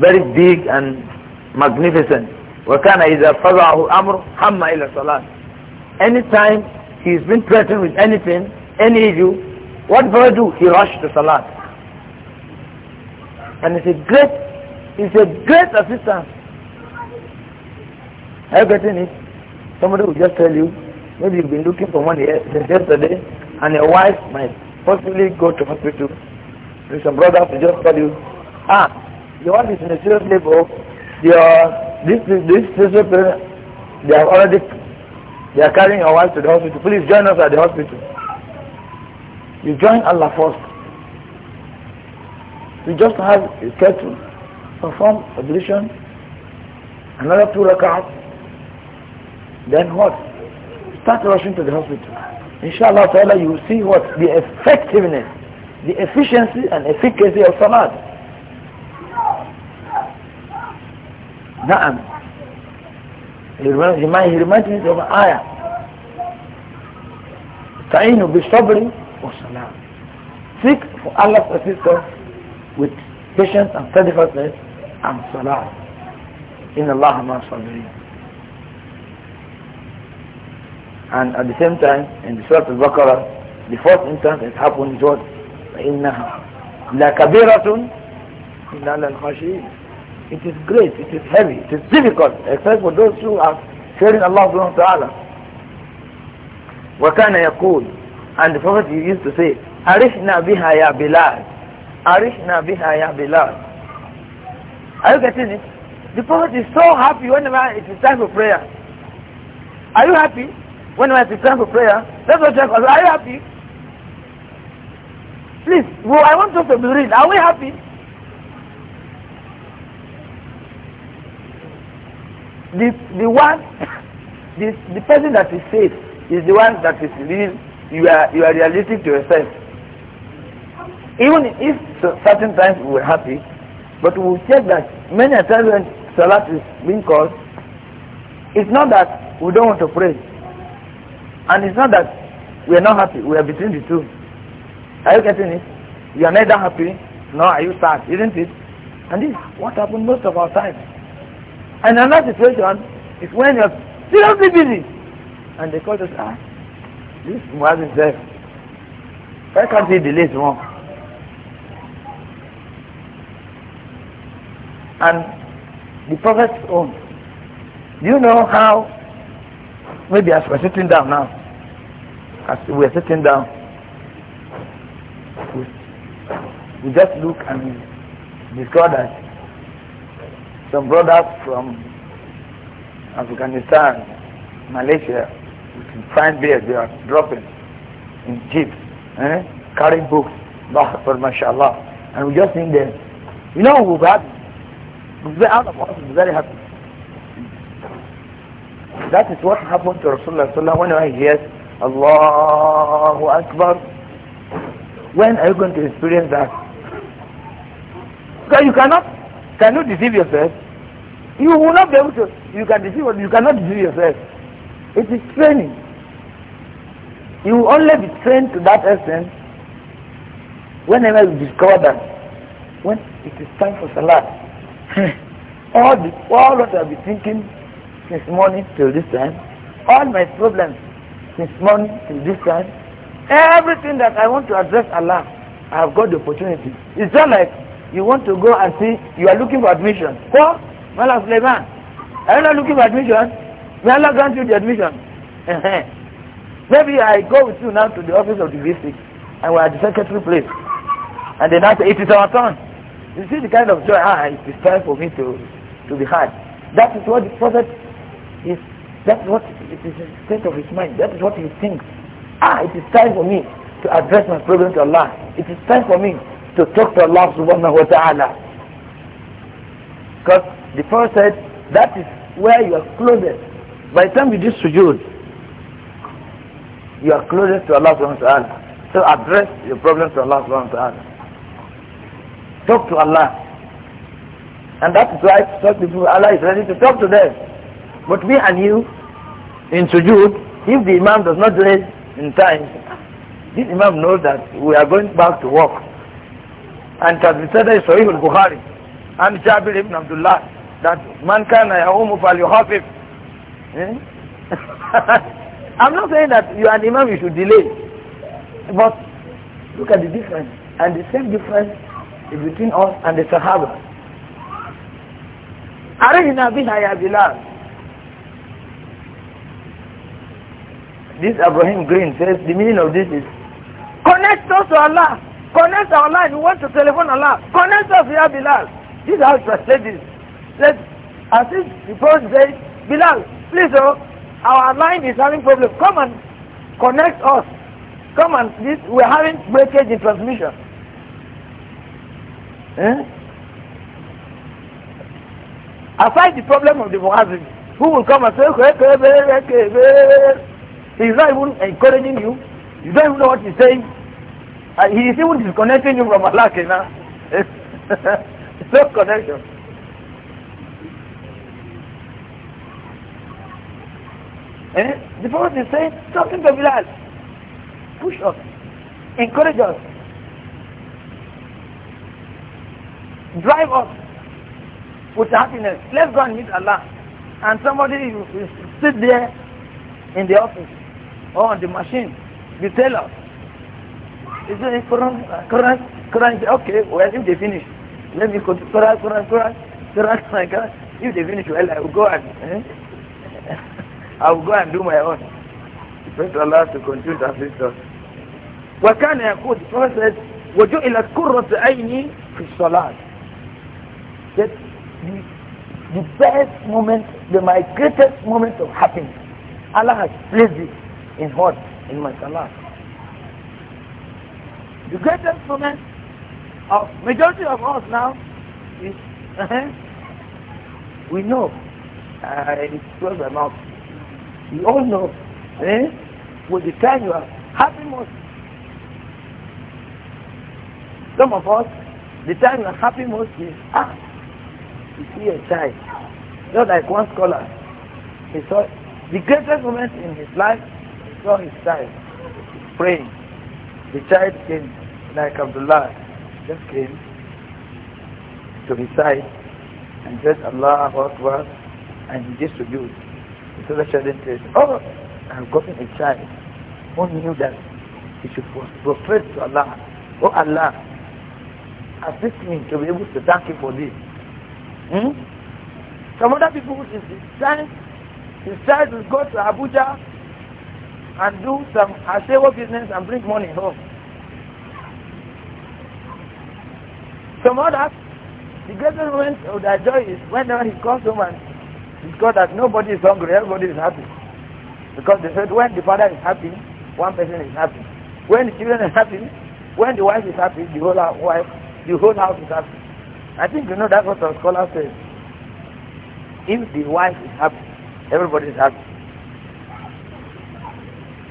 very big and magnificent وَكَانَ إِذَا فَضَعَهُ أَمْرُ حَمَّ إِلَى صَلَاتِ anytime he's been threatened with anything any issue what brother do? He rushed to Salat. And it's a great, it's a great assistance. Are you getting it? Somebody will just tell you, maybe you've been looking for one year, eh, since yesterday, and your wife might possibly go to hospital. There's some brother will just tell you, ah, your wife is in a serious labor, your, this, this, this, this, they are already, they are carrying your wife to the hospital. Please join us at the hospital. You join Allah first. You just have a to perform ablution, another two rakats, then what? Start rushing to the hospital. Inshallah ta'ala you will see what? The effectiveness, the efficiency and efficacy of salat. Na'am. He reminds me of ayah. استعينوا بالصبر for Seek for Allah's assistance with patience and steadfastness and salah. In Allah And at the same time, in the Surah Al-Baqarah, the first instance that happened is what? إِنَّهَا لَكَبِيرَةٌ إِلَّا لَلْخَاشِرِينَ it is great, it is heavy, it is difficult, except for those who are fearing Allah subhanahu wa ta'ala. وَكَانَ يَقُولُ And the Prophet used to say, Arishna biha ya Bilal. Arishna biha ya Bilal. Are you getting it? The Prophet is so happy whenever it is time for prayer. Are you happy whenever it is time for prayer? That's what check. Are you happy? Please, well, I want us to be real. Are we happy? The, the one, the, the person that is saved is the one that is real you are you are realistic to yourself even if certain times we were happy but we check that many times when salat is being called it's not that we don't want to pray and it's not that we are not happy we are between the two are you getting it you are neither happy nor are you sad isn't it and this what happens most of our time and another situation is when you're seriously busy and they call us ah this Muaz himself. Why can't he delay more? And the Prophet's own. Do you know how, maybe as we're sitting down now, as we're sitting down, we, we just look and discover that some brothers from Afghanistan, Malaysia, find beard they are dropping in jeeps, eh? carrying books, but mashallah. And we just need them. You know who the Out of us is very happy. That is what happened to Rasulullah Sallallahu when I hears Allahu Akbar. When are you going to experience that? Because you cannot, cannot deceive yourself. You will not be able to. You can deceive. You cannot deceive yourself. It is training. You will only be trained to that extent whenever you discover that when it is time for salah. all the all what have been thinking since morning till this time, all my problems since morning till this time, everything that I want to address Allah, I have got the opportunity. It's not like you want to go and see you are looking for admission. What? Well, Suleiman, are you not looking for admission? May Allah grant you the admission. Maybe I go with you now to the office of the district and we are at the secretary place. And then I say, it is our turn. You see the kind of joy, ah, it is time for me to, to be had. That is what the prophet is, that is what it is the state of his mind. That is what he thinks. Ah, it is time for me to address my problem to Allah. It is time for me to talk to Allah subhanahu wa ta'ala. Because the prophet said, that is where you are closest by the time you do sujood, you are closest to Allah subhanahu wa ta'ala. So address your problems to Allah subhanahu wa ta'ala. Talk to Allah. And that is why such people, Allah is ready to talk to them. But me and you, in sujood, if the imam does not do it in time, this imam knows that we are going back to work. And it has said Sahih al-Bukhari and Jabir ibn Abdullah that man kana yaumu fal yuhafif Eh? I'm not saying that you are an imam, you should delay. But look at the difference. And the same difference is between us and the Sahaba. Arihna biha ya Bilal. This Abraham Green says the meaning of this is connect us to Allah. Connect our line. You want to telephone Allah. Connect us ya Bilal. This is how to translate this. Let's, as if the post says, Bilal, please, oh, our line is having problem. Come and connect us. Come and this, we're having breakage in transmission. Eh? Aside the problem of the Muazzin, who will come and say, okay, okay, okay, okay. he's not even encouraging you. You don't even know what he's saying. And uh, he is even disconnecting you from Allah. Eh? it's no connection. Eh? The Prophet is saying something to Bilal. Push us. Encourage us. Drive us with happiness. Let's go and meet Allah. And somebody will sit there in the office or on the machine. You tell us. Is it Quran? Quran? Quran? Okay, well, if they finish, let me go to Quran, Quran, Quran, Quran, Quran. If they finish, well, I will go and. Eh? I will go and do my own. We pray to Allah to continue to assist us. وكان يقول the Prophet says وجعلت قرة عيني في الصلاة that the, the best moment the my greatest moment of happiness Allah has placed it in heart in my salah the greatest moment of majority of us now is uh -huh, we know uh, it's close enough we all know, eh? With the time you are happy most. Some of us, the time you are happy most is, ah, you see a child. Not like one scholar. He saw the greatest moment in his life, he saw his child praying. The child came, like Abdullah, just came to his side and said, Allah what was?" and he just so that shouldn't say, oh, I've gotten a child who knew that he should profess to Allah. Oh Allah, assist me to be able to thank you for this. Hmm? Some other people who decide, decide to go to Abuja and do some asewa business and bring money home. Some others, the greatest moment of their joy is whenever he comes home and It's God that nobody is hungry, everybody is happy. Because they said when the father is happy, one person is happy. When the children are happy, when the wife is happy, the whole wife, the whole house is happy. I think you know that's what a scholar says. If the wife is happy, everybody is happy.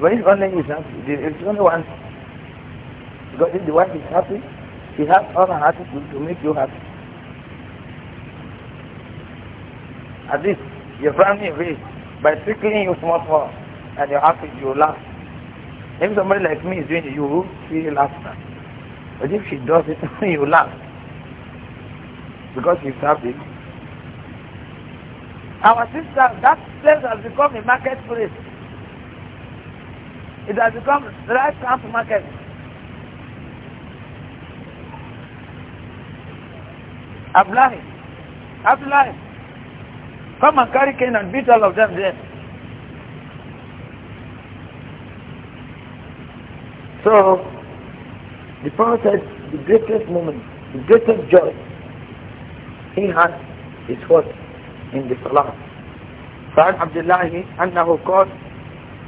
When his only is happy, it's only one. Because if the wife is happy, she has all her attitude to make you happy. At least your family raised by trickling you small small and your after you laugh. If somebody like me is doing it, you will feel laughter. But if she does it, you laugh. Because she's happy. Our sister, that place has become a marketplace. It has become right camp market. Abdullahi. Abdullahi. Come and carry cane and beat all of them there. So, the Prophet said, the greatest moment, the greatest joy he had is what? In the Salah. فعن عبد الله أنه قال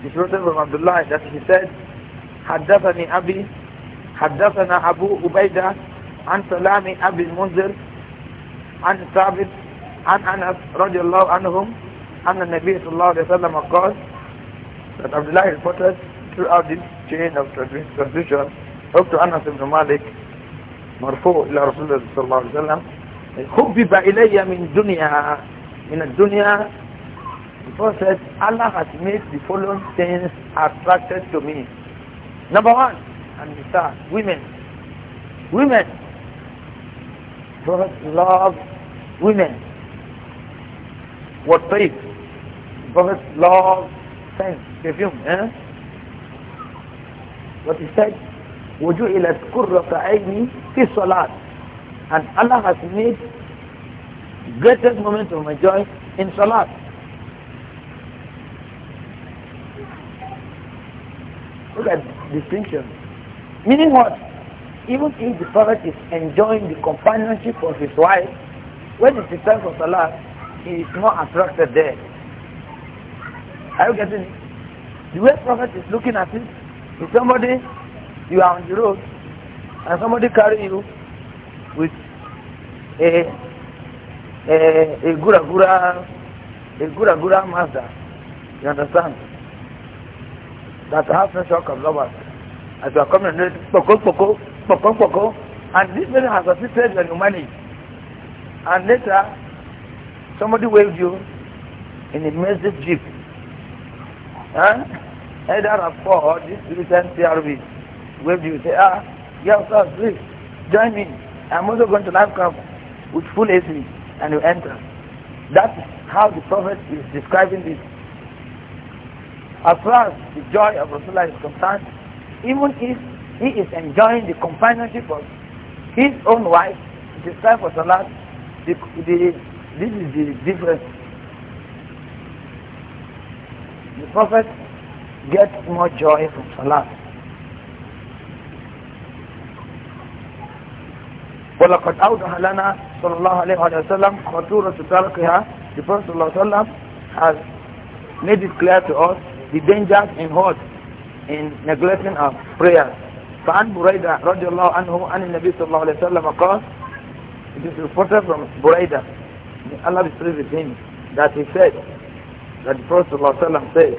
It's written from Abdullah that he said حدثني أبي حدثنا أبو عبيدة عن سلام أبي المنذر عن ثابت عن أنس رضي الله عنهم أن النبي صلى الله عليه وسلم قال that Abdullah reported throughout this chain of tradition, up to Anas ibn Malik مرفوع إلى رسول الله صلى الله عليه وسلم خبب إلي من دنيا من الدنيا Paul said Allah has made the following things attracted to me number one and Nisa women women God loves women what faith? The Prophet's love, scent, perfume. Eh? What he said, وَجُعِلَتْ قُرَّةَ عَيْنِي فِي salat? And Allah has made greatest moment of my joy in Salat. Look at distinction. Meaning what? Even if the Prophet is enjoying the companionship of his wife, when it's the time for Salah, is not attracted there. Are you getting it? The way Prophet is looking at it, is somebody, you are on the road, and somebody carry you with a a a gura gura a gura gura Mazda, you understand? That has no shock absorbers. As you are coming, poko poko poko poko, and this person has assisted your humanity. And later, Somebody waved you in a massive Jeep. Huh? Either of course, this recent CRV waved you. Say, ah, yes, sir, please, join me. I'm also going to life camp with full AC and you enter. That's how the Prophet is describing this. As far as the joy of Rasulullah is concerned, even if he is enjoying the companionship of his own wife, the wife of Salah, the, the this is the difference. The Prophet gets more joy from Salah. ولقد أوضح لنا صلى الله عليه وسلم خطورة تركها the Prophet صلى الله عليه وسلم has made it clear to us the dangers involved in neglecting our prayers فعن بريدة رضي الله عنه عن النبي صلى الله عليه وسلم قال it is reported from بريدة Allah is pleased with him that he said, that the Prophet ﷺ said,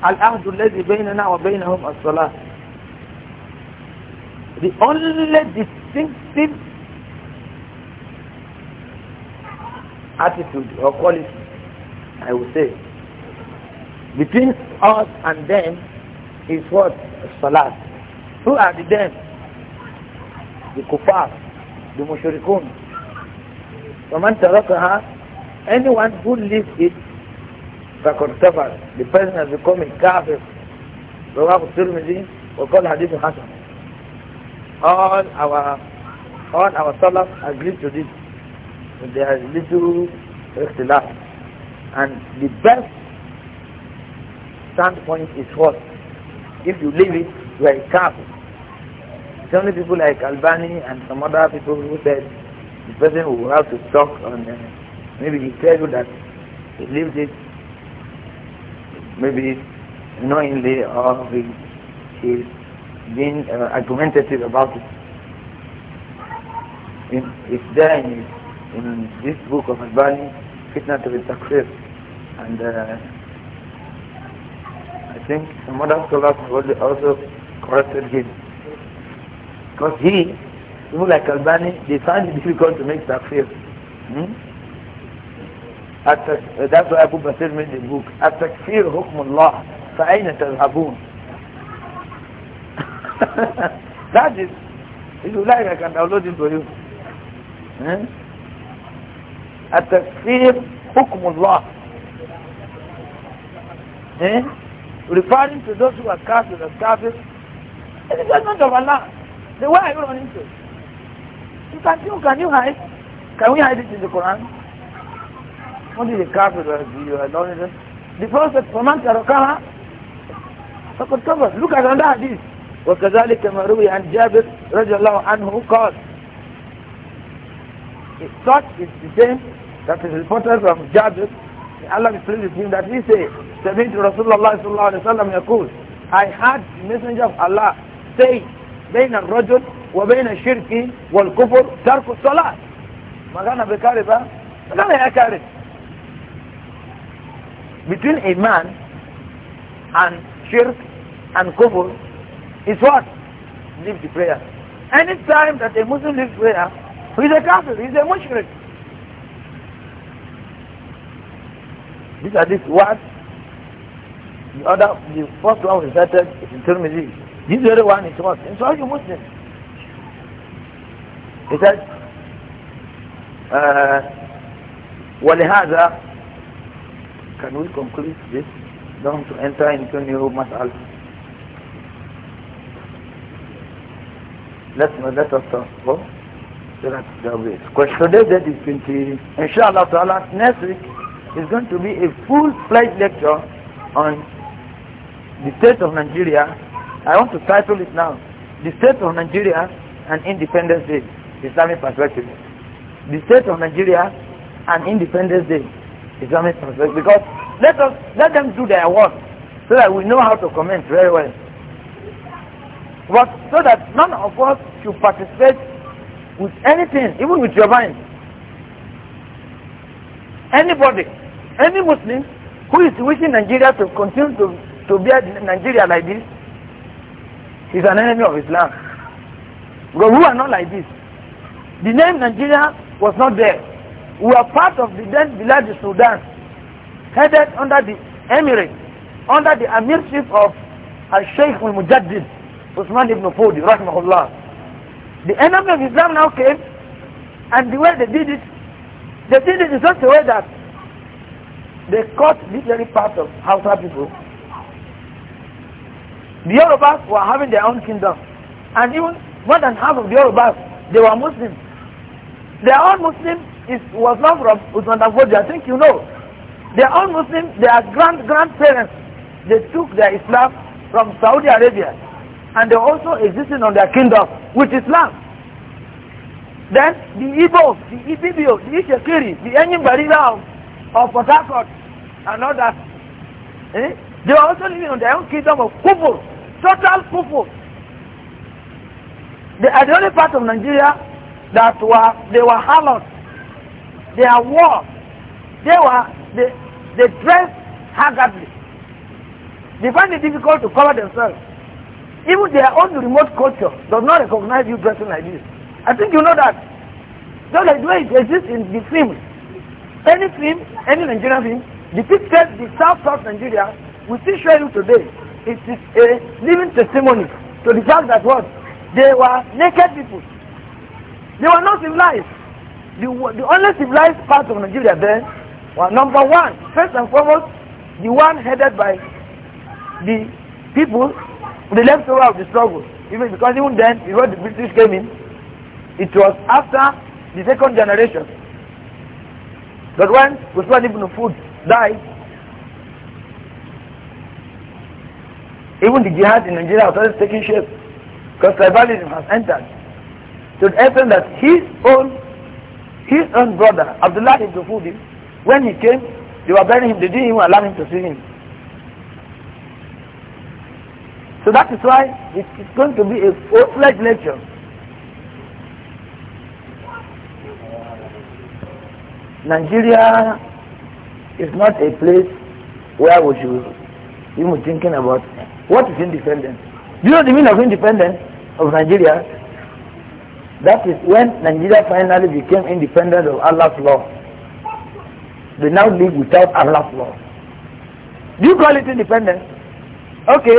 العهد wa بيننا as-salah." The only distinctive attitude or quality, I would say, between us and them is what? Salat. Who are the them? The kuffar, the mushrikun, وَمَنْ تَرَكَهَا Anyone who leaves it فَقَدْ كَفَرْ The person has become a kafir. رواه الترمذي وقال حديث حسن. All our all our salaf agree to this. There is little ikhtilaf. And the best standpoint is what? If you leave it, you are a kafir. It's only people like Albani and some other people who said the person will have to talk on uh, maybe he tells you that he lives it maybe knowingly or he is being uh, argumentative about it. In, it's there in, in this book of Albani, Fitna to be accepted, And uh, I think some other scholars also corrected him. Because he People like Albani, they find it difficult to make takfir. Hmm? Uh, that's why Abu Basir made the book. التكفير حكم الله فأين تذهبون That is, if you like I can download it for you. At التكفير حكم الله eh? Referring to those who are cast with the kafir, it's the judgment of Allah. Then why are you running to? You can you can you hide? Can we hide it in the Quran? Only the carpet you had done it. The Prophet Faman Tarakaha فقد كفر look at this. hadith وكذلك ما روي عن جابر رضي الله عنه قال such is the same that is reported from Jabir Allah is pleased with him that he say سمعت رسول الله صلى الله عليه وسلم يقول I had the messenger of Allah say بين الرجل وبين الشرك والكفر ترك الصلاة magana bai kare ba magana ya kare between man and shirk and kufr is what leave the prayer any time that a muslim leaves prayer he is a kafir he is a mushrik these are these words the other the first one we recited is in Tirmidhi this other one is what in you Muslims? He said, uh, ولهذا can we conclude this? Don't enter into new mas'al. Let's let us talk. Oh, so that's the way. Question today that is 20. Inshallah ta'ala, next week is going to be a full-fledged lecture on the state of Nigeria. I want to title it now. The state of Nigeria and Independence Day. Islamic perspective. The state of Nigeria and Independence Day, Islamic perspective. Because let us let them do their work so that we know how to comment very well. But so that none of us should participate with anything, even with your mind. Anybody, any Muslim who is wishing Nigeria to continue to, to be Nigeria like this is an enemy of Islam. Because we are not like this. The name Nigeria was not there. We were part of the then village Sudan, headed under the emirate, under the amirship of Al-Sheikh al-Mujaddid, Usman ibn Fudi, rahmahullah. The enemy of Islam now came, and the way they did it, they did it in such a way that they cut literally part of Hausa people. The Yorubas were having their own kingdom, and even more than half of the Yorubas, they were Muslims. They are all Muslim is was not from Uzmandafoji, I think you know. They are all Muslim, their grand grandparents, they took their Islam from Saudi Arabia and they also existing on their kingdom with Islam. Then the Igbos, the Ibibio, the Ishekiri, the Enyimbarira of Port Harcourt and all that, eh? they are also living on their own kingdom of Kufur, total Kufur. They are the only part of Nigeria that were they were harlots. They are war. They were they they dressed haggardly. They find it difficult to cover themselves. Even their own remote culture does not recognize you dressing like this. I think you know that. Just like the way it exists in the film. Any film, any Nigerian film, depicted the South South Nigeria, we still show you today. It is a living testimony to the fact that what? They were naked people. They were not civilized. The, the only civilized part of Nigeria then were number one, first and foremost, the one headed by the people, the leftover of the struggle. Even because even then, before the British came in, it was after the second generation. But when Usman ibn Food died, even the jihad in Nigeria was taking shape because tribalism has entered. So it that his own, his own brother, Abdullah ibn Fudi, when he came, they were burying him, they didn't even allow him to see him. So that is why it's going to be a full-fledged lecture. Nigeria is not a place where we should be thinking about what is independence. Do you know the meaning of independence of Nigeria? That is when Nigeria finally became independent of Allah's law. They now live without Allah's law. Do you call it independence? Okay.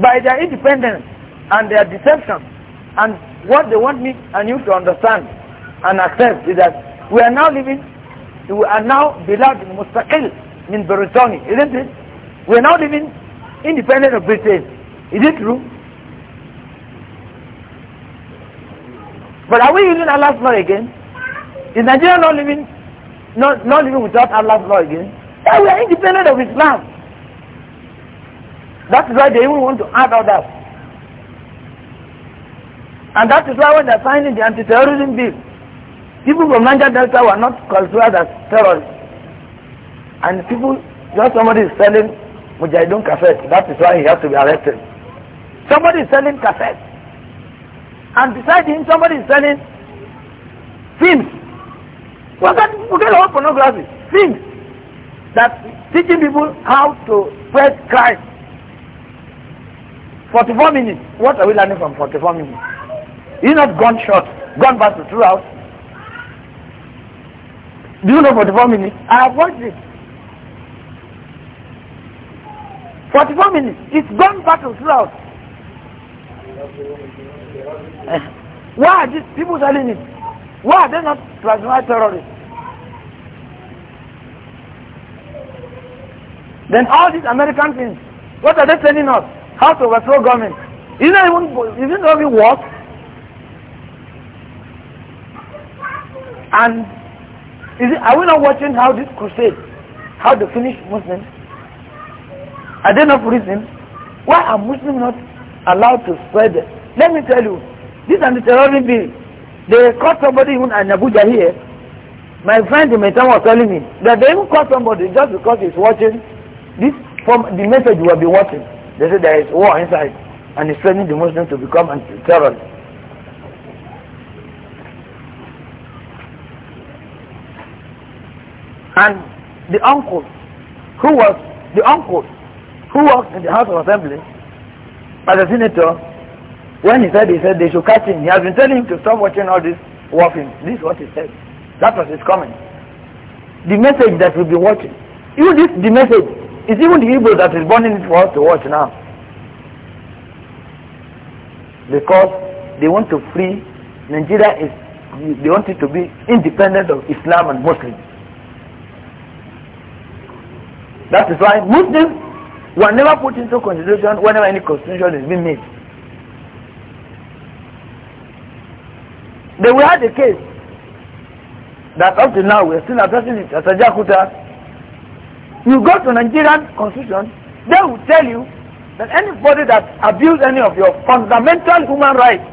By their independence and their deception and what they want me and you to understand and accept is that we are now living, we are now beloved in Mustaqil in Britain, isn't it? We are now living independent of Britain. Is it true? But are we using Allah's law again? Is Nigeria not living, not, not living without Allah's law again? Yeah, we are independent of Islam. That is why they even want to add all that. And that is why when they are signing the anti-terrorism bill, people from Niger Delta were not considered as terrorists. And people, just somebody is selling Mujahideen cassette. That is why he has to be arrested. Somebody is selling cassette and deciding somebody is selling films. Well, that, forget about pornography. Films that teaching people how to praise Christ. Forty-four minutes. What are we learning from forty-four minutes? He's not gone short, gone back to throughout. Do you know forty-four minutes? I have watched it. Forty-four minutes. It's gone back to throughout. Why are these people selling it? Why are they not classified terrorists? Then all these American things, what are they telling us? How to overthrow government? Isn't that even, isn't that even worse? And it, are we not watching how this crusade, how the finish Muslims, are they not reason? Why are Muslims not allowed to spread Let me tell you, this anti-terrorism bill, they caught somebody even in Abuja here. My friend in Metan was telling me that they even caught somebody just because he's watching this from the message you have been watching. They said there is war inside and it's training the Muslims to become anti terrorist And the uncle who was the uncle who worked in the House of Assembly as a senator when he said he said they should catch him, he has been telling him to stop watching all this warfing. This is what he said. That was his comment. The message that we will be watching. Even this the message is even the evil that is burning it for us to watch now. Because they want to free Nigeria is they want it to be independent of Islam and Muslims. That is why Muslims were never put into consideration whenever any constitution is being made. They will have the case that up to now we are still addressing it as a Ajakuta. You go to Nigerian constitution, they will tell you that anybody that abuse any of your fundamental human rights,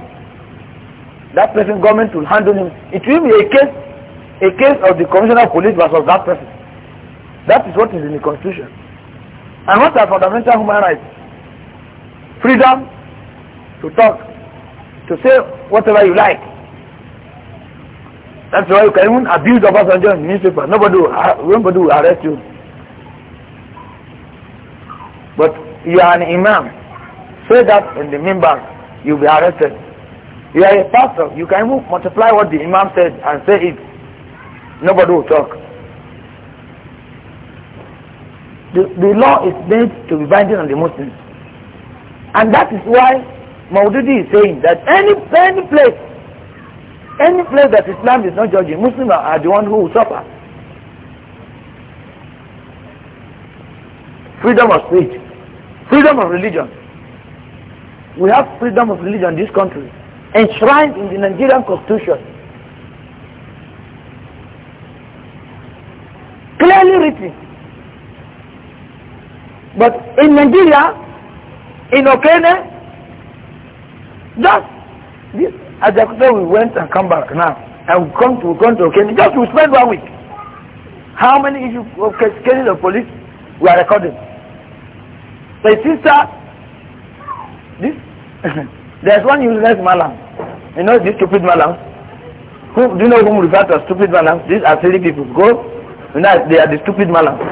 that person government will handle him. It will be a case, a case of the commissioner of police versus that person. That is what is in the constitution. And what are fundamental human rights? Freedom to talk, to say whatever you like. That's why you can even abuse the person in the newspaper. Nobody will, nobody will arrest you. But you are an imam. Say that in the member, you'll be arrested. You are a pastor. You can even multiply what the imam said and say it. Nobody will talk. The, the law is meant to be binding on the Muslims. And that is why Maududi is saying that any, any place any place that Islam is not judging, Muslims are the one who suffer. Freedom of speech, freedom of religion. We have freedom of religion in this country, enshrined in the Nigerian constitution. Clearly written. But in Nigeria, in Okene, just this As I said, we went and come back now. And we come to, we come to Kenya. Just we spend one week. How many issues of cases of police we are recording? So sister, this, there's one useless malam. You know this stupid malam? Who, do you know whom refer to as stupid malam? These are silly people. Go, you know, they are the stupid malam.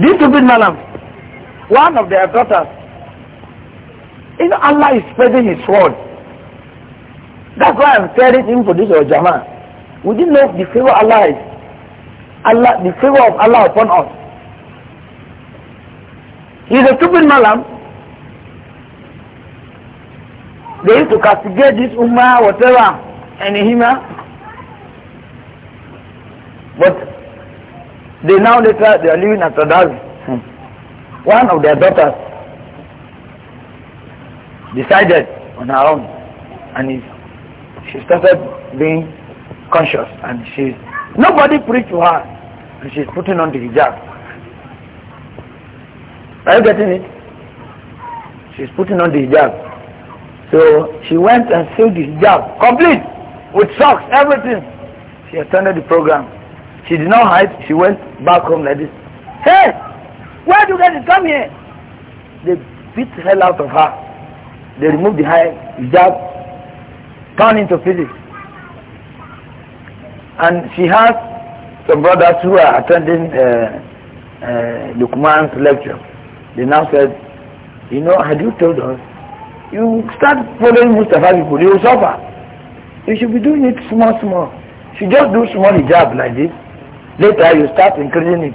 This stupid malam, one of their daughters You Allah is spreading His word. That's why I'm telling him for this or Jama. We didn't know the favor Allah is. Allah, the favor of Allah upon us. He's a stupid malam. They used to castigate this ummah, whatever, and hima. But they now later they are living at Tadaz. Hmm. One of their daughters decided on her own and is, she started being conscious and she's nobody preached to her and she's putting on the hijab are you getting it she's putting on the hijab so she went and sewed the hijab complete with socks everything she attended the program she did not hide she went back home like this hey where do you guys come here they beat the hell out of her they remove the high hijab, turn into physics. And she has some brothers who are attending uh, uh, Lukman's lecture. They now said, you know, had you told us, you start following Mustafa people, you suffer. You should be doing it small, small. She just do small hijab like this. Later you start increasing it.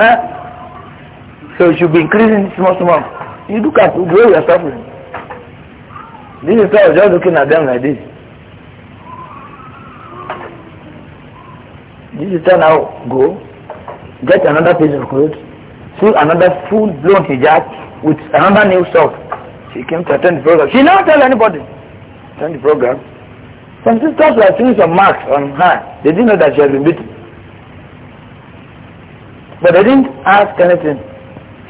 so you should be increasing it small, small. You look at where you are suffering. This is why I was just looking at them like this. This is why now go, get another piece of clothes, sew another full-blown hijab with another new sock. She came to attend the program. She never tell anybody. Attend the program. Some sisters were seeing some marks on her. They didn't know that she had been beaten. But they didn't ask anything.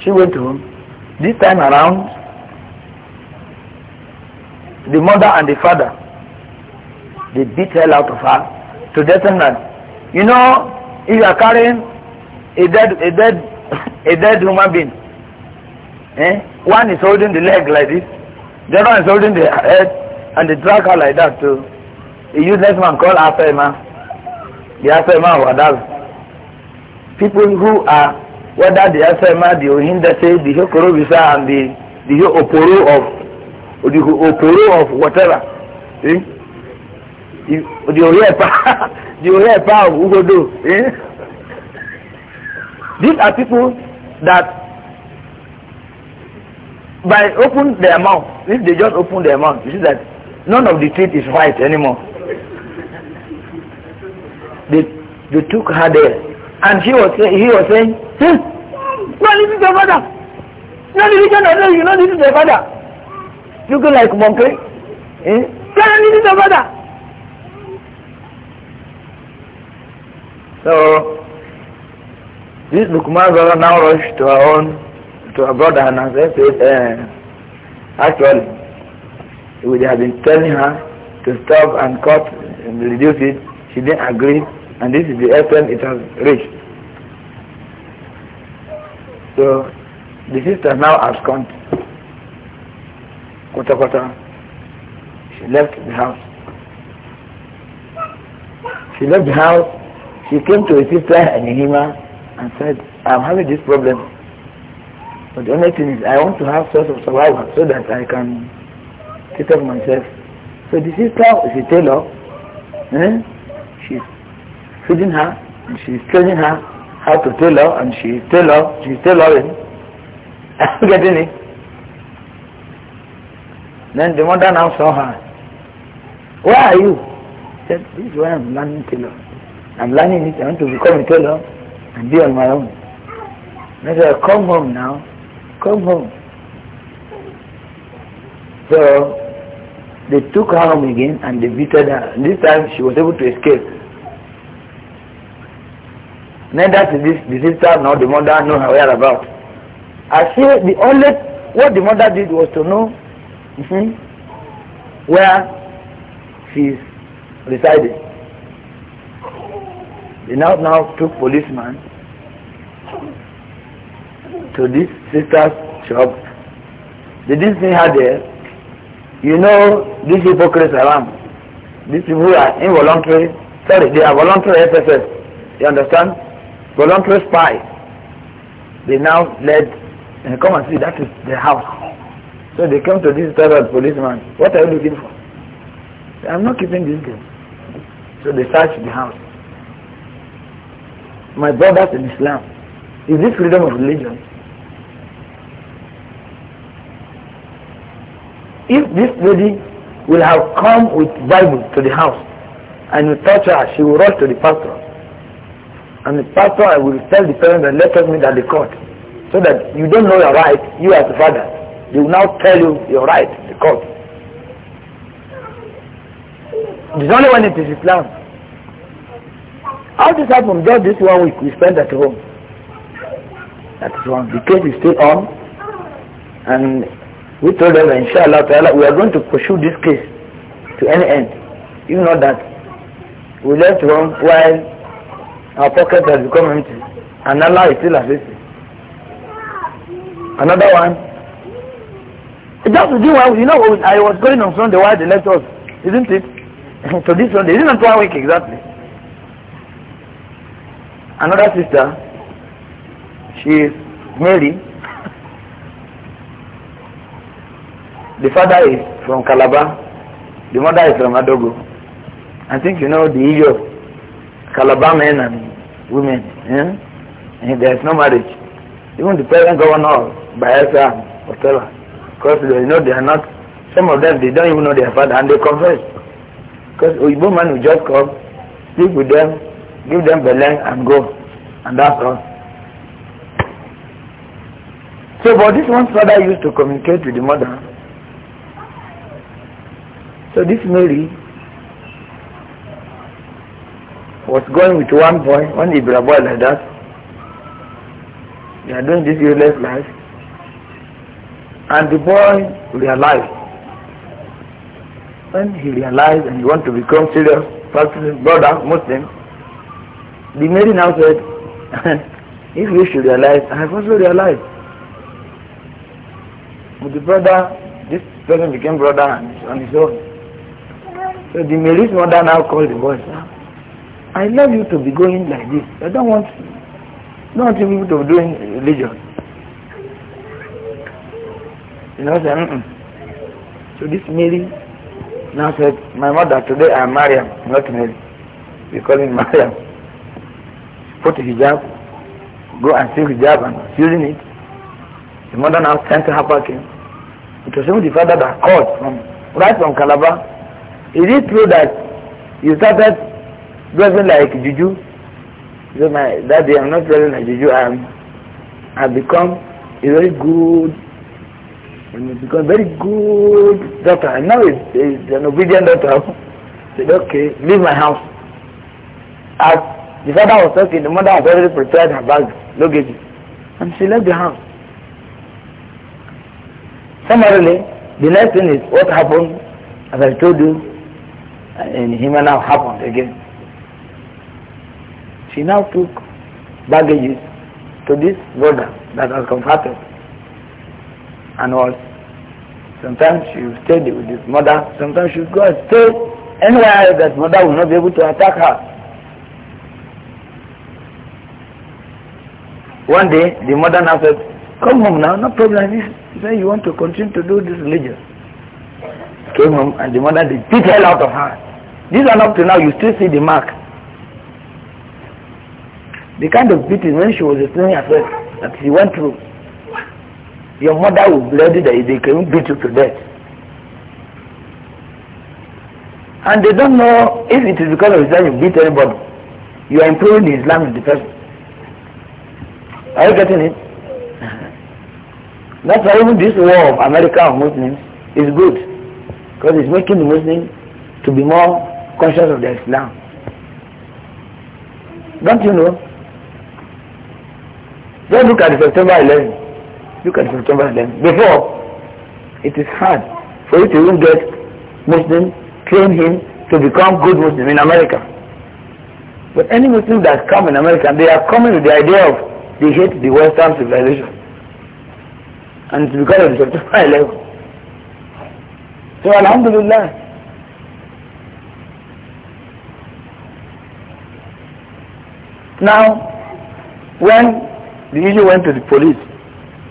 She went home. This time around, the mother and the father, they beat hell out of her to deaten her. You know, if you are carrying a dead, a dead, a dead human being, eh? one is holding the leg like this, the other one is holding the head, and they drag her like that too. A useless man called Afema. The Afema Wadal. People who are whether the SMR, the Ohinda say, the Hokorobisa and the, the Oporo of, the Oporo of whatever. Eh? The Ohepa, the Ohepa of Ugodo. Eh? These are people that by open their mouth, if they just open their mouth, you see that none of the teeth is white anymore. They, they took her there and he was he was saying, hmm, no, this is your father. No, this is your father. You know, this is your father. Looking like monkey. Eh? No, this is your father. So, this Lukman brother now rushed to her own, to her brother and said, uh, eh, actually, we have been telling her to stop and cut and reduce it. She didn't agree. and this is the FM it has reached. So the sister now has gone quarter quarter. She left the house. She left the house. She came to a sister and Nima and said, I'm having this problem. But the only thing is I want to have source of survival so that I can take care of myself. So the sister is a tailor. Eh? She's feeding her, she's training her how to tailor, and she's tailor, she's tailoring. I'm getting it? Then the mother now saw her. Where are you? She said, this is where I'm learning tailor. I'm learning it. I want to become a tailor and be on my own. And I said, come home now. Come home. So they took her home again and they beat her. This time she was able to escape neither this, the sister nor the mother know her whereabouts. I say the only what the mother did was to know mm -hmm, where she's residing. They now now took policeman to this sister's shop. They didn't see her there. You know these create alarm. These people are involuntary, sorry, they are voluntary SSS. You understand? voluntary spy. They now led, and eh, come and see, that is the house. So they come to this third policeman. What are you looking for? I'm not keeping this girl. So they search the house. My brothers in Islam, is this freedom of religion? If this lady will have come with Bible to the house and you touch her, she will rush to the pastor and the pastor will tell the parents and let us meet at the court. So that you don't know your right, you as a father. They will now tell you your right, the court. It's only when it is Islam. How this happened? Just this one week we spent at home. That is wrong. The case is still on. And we told them, inshallah ta'ala, we are going to pursue this case to any end. You not that. We left home while Our pocket has become empty. And Allah is still assisting. Another one. Just do one, you know, I was going on Sunday while they left us, isn't it? so this Sunday, isn't it one week exactly? Another sister, she is Mary. the father is from Calabar. The mother is from Adogo. I think you know the issue Calabar men and women. Eh? And there's no marriage. Even the present governor, Bayelsa, whatever. Because they know they are not, some of them, they don't even know their father and they confess. Because a man will just come, speak with them, give them land and go. And that's all. So, but this one father used to communicate with the mother. So this Mary was going with one boy, one Ibra boy like that. They are doing this useless life. And the boy realized. When he realized and he wanted to become serious practicing brother, Muslim, the maiden now said, if you should realize, I have also realized. But the brother, this person became brother on his own. So the Mary's mother now called the boy. I love you to be going like this. I don't want, don't want you to be doing religion. You know, say, mm -mm. So this Mary now said, my mother today I'm Mariam, not Mary. We call him Mariam. Put hijab, go and see hijab and using it. The mother now sent her back It was only the father that called from, right from Calabar. Is it true that you started Dressing like juju. So my daddy, I'm not dressing like juju. I'm, I've become a very good, and i become a very good daughter. And now it's, it's an obedient daughter. said, okay, leave my house. As the father was talking, the mother had already prepared her bag, luggage, and she left the house. Summarily, the next thing is what happened, as I told you, and him and now happened again. She now took baggages to this border that was converted and was sometimes she would stay with his mother, sometimes she would go and stay anywhere that mother would not be able to attack her. One day the mother now said, Come home now, no problem. He said you want to continue to do this religion. Came home and the mother did beat hell out of her. These are not to now, you still see the mark. The kind of beating when she was explaining herself that she went through, your mother would bloody that they can beat you to death. And they don't know if it is because of Islam you beat anybody. You are improving the Islam in the person. Are you getting it? That's why even this war of America of Muslims is good. Because it's making the Muslims to be more conscious of their Islam. Don't you know? Don't look at September 11. Look at September 11. Before, it is hard for you to even get Muslim, train him to become good Muslim in America. But any Muslim that come in America, they are coming with the idea of they hate the Western civilization. And it's because of the September 11. So Alhamdulillah, Now, when The issue went to the police.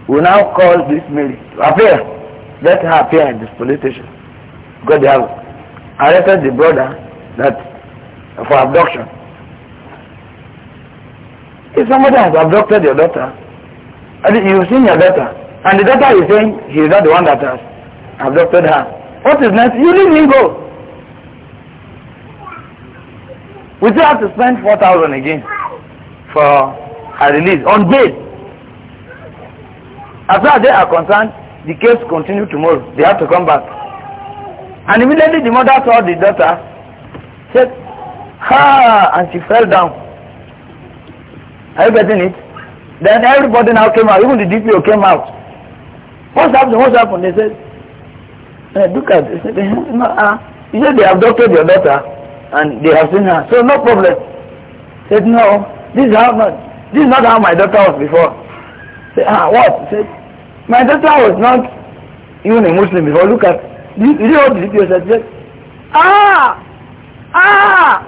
We now call this lady to appear. Let her appear in this police station. Because they have arrested the brother that for abduction. If somebody has abducted your daughter, and you've seen your daughter, and the daughter is saying he is not the one that has abducted her, what is next? You leave him go. We still have to spend four thousand again for are released on bail. As far as they are concerned, the case continue tomorrow. They have to come back. And immediately the mother saw the daughter, said, Ha! And she fell down. Are you getting it? Then everybody now came out. Even the DPO came out. What happened? What happened? They said, hey, eh, look at this. Eh, ah. He said, they abducted your daughter and they have seen her. So no problem. said, no, this is how much. This is not how my daughter was before. Say, ah, what? Say, my daughter was not even a Muslim before. Look at, you, you know what the video said? Say, ah, ah,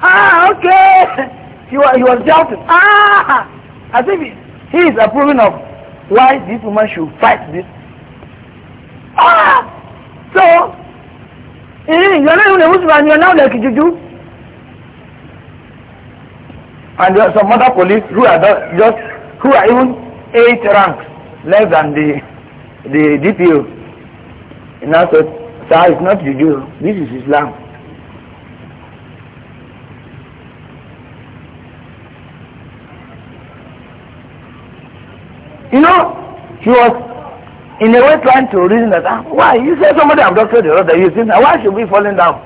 ah, okay. He was, he was doubting. Ah, I if he, is approving of why this woman should fight this. Ah, so, eh, You are not even a Muslim and you're now like juju and there are some other police who are just who are even eight ranks less than the the DPO. And I said, sir, it's not Juju. This is Islam. You know, he was in a way trying to reason that, ah, why? You say somebody abducted the other, you think, ah, why should we falling down?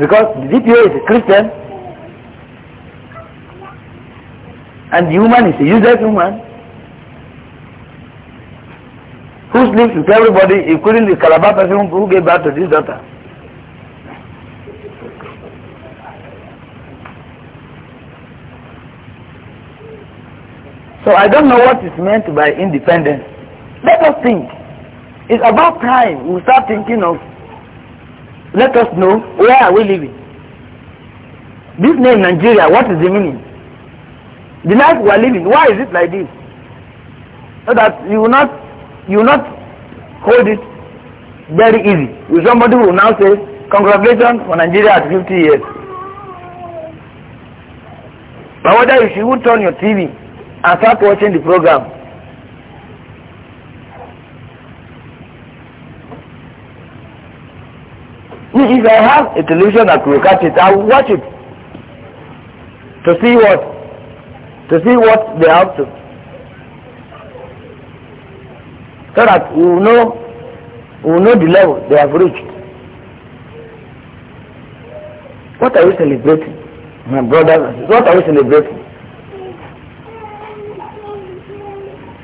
Because the DPO is a Christian and the human is a useless human who sleeps with everybody including the Calabar person who gave birth to this daughter. So I don't know what is meant by independence. Let us think. It's about time we start thinking of let us know where are we living this name nigeria what is the meaning the life we are living why is it like this so that you will not you will not hold it very easy with somebody who now say congratulations for nigeria at fifty years but whether you should turn your tv and start watching the program if I have a television that will catch it, I will watch it. To see what? To see what they have to. So that we will know, we will know the level they have reached. What are we celebrating? My brothers, what are we celebrating?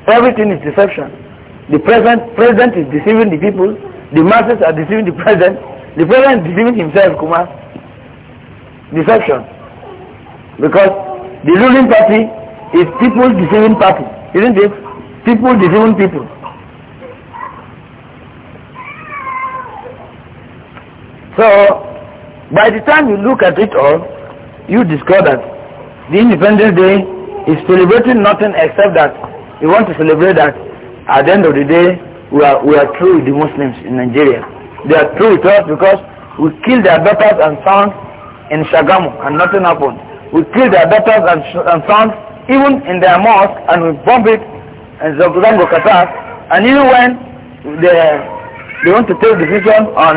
Everything is deception. The present, present is deceiving the people. The masses are deceiving the present. The president deceiving himself, Kuma. Deception. Because the ruling party is people deceiving party, isn't it? People deceiving people. So, by the time you look at it all, you discover that the Independence Day is celebrating nothing except that we want to celebrate that at the end of the day, we are, we are true with the Muslims in Nigeria. They are true to us because we killed their daughters and sons in Shagamu and nothing happened. We killed their daughters and, and sons even in their mosque and we bombed it in Zogzango, Qatar. And even when they, they want to take decision on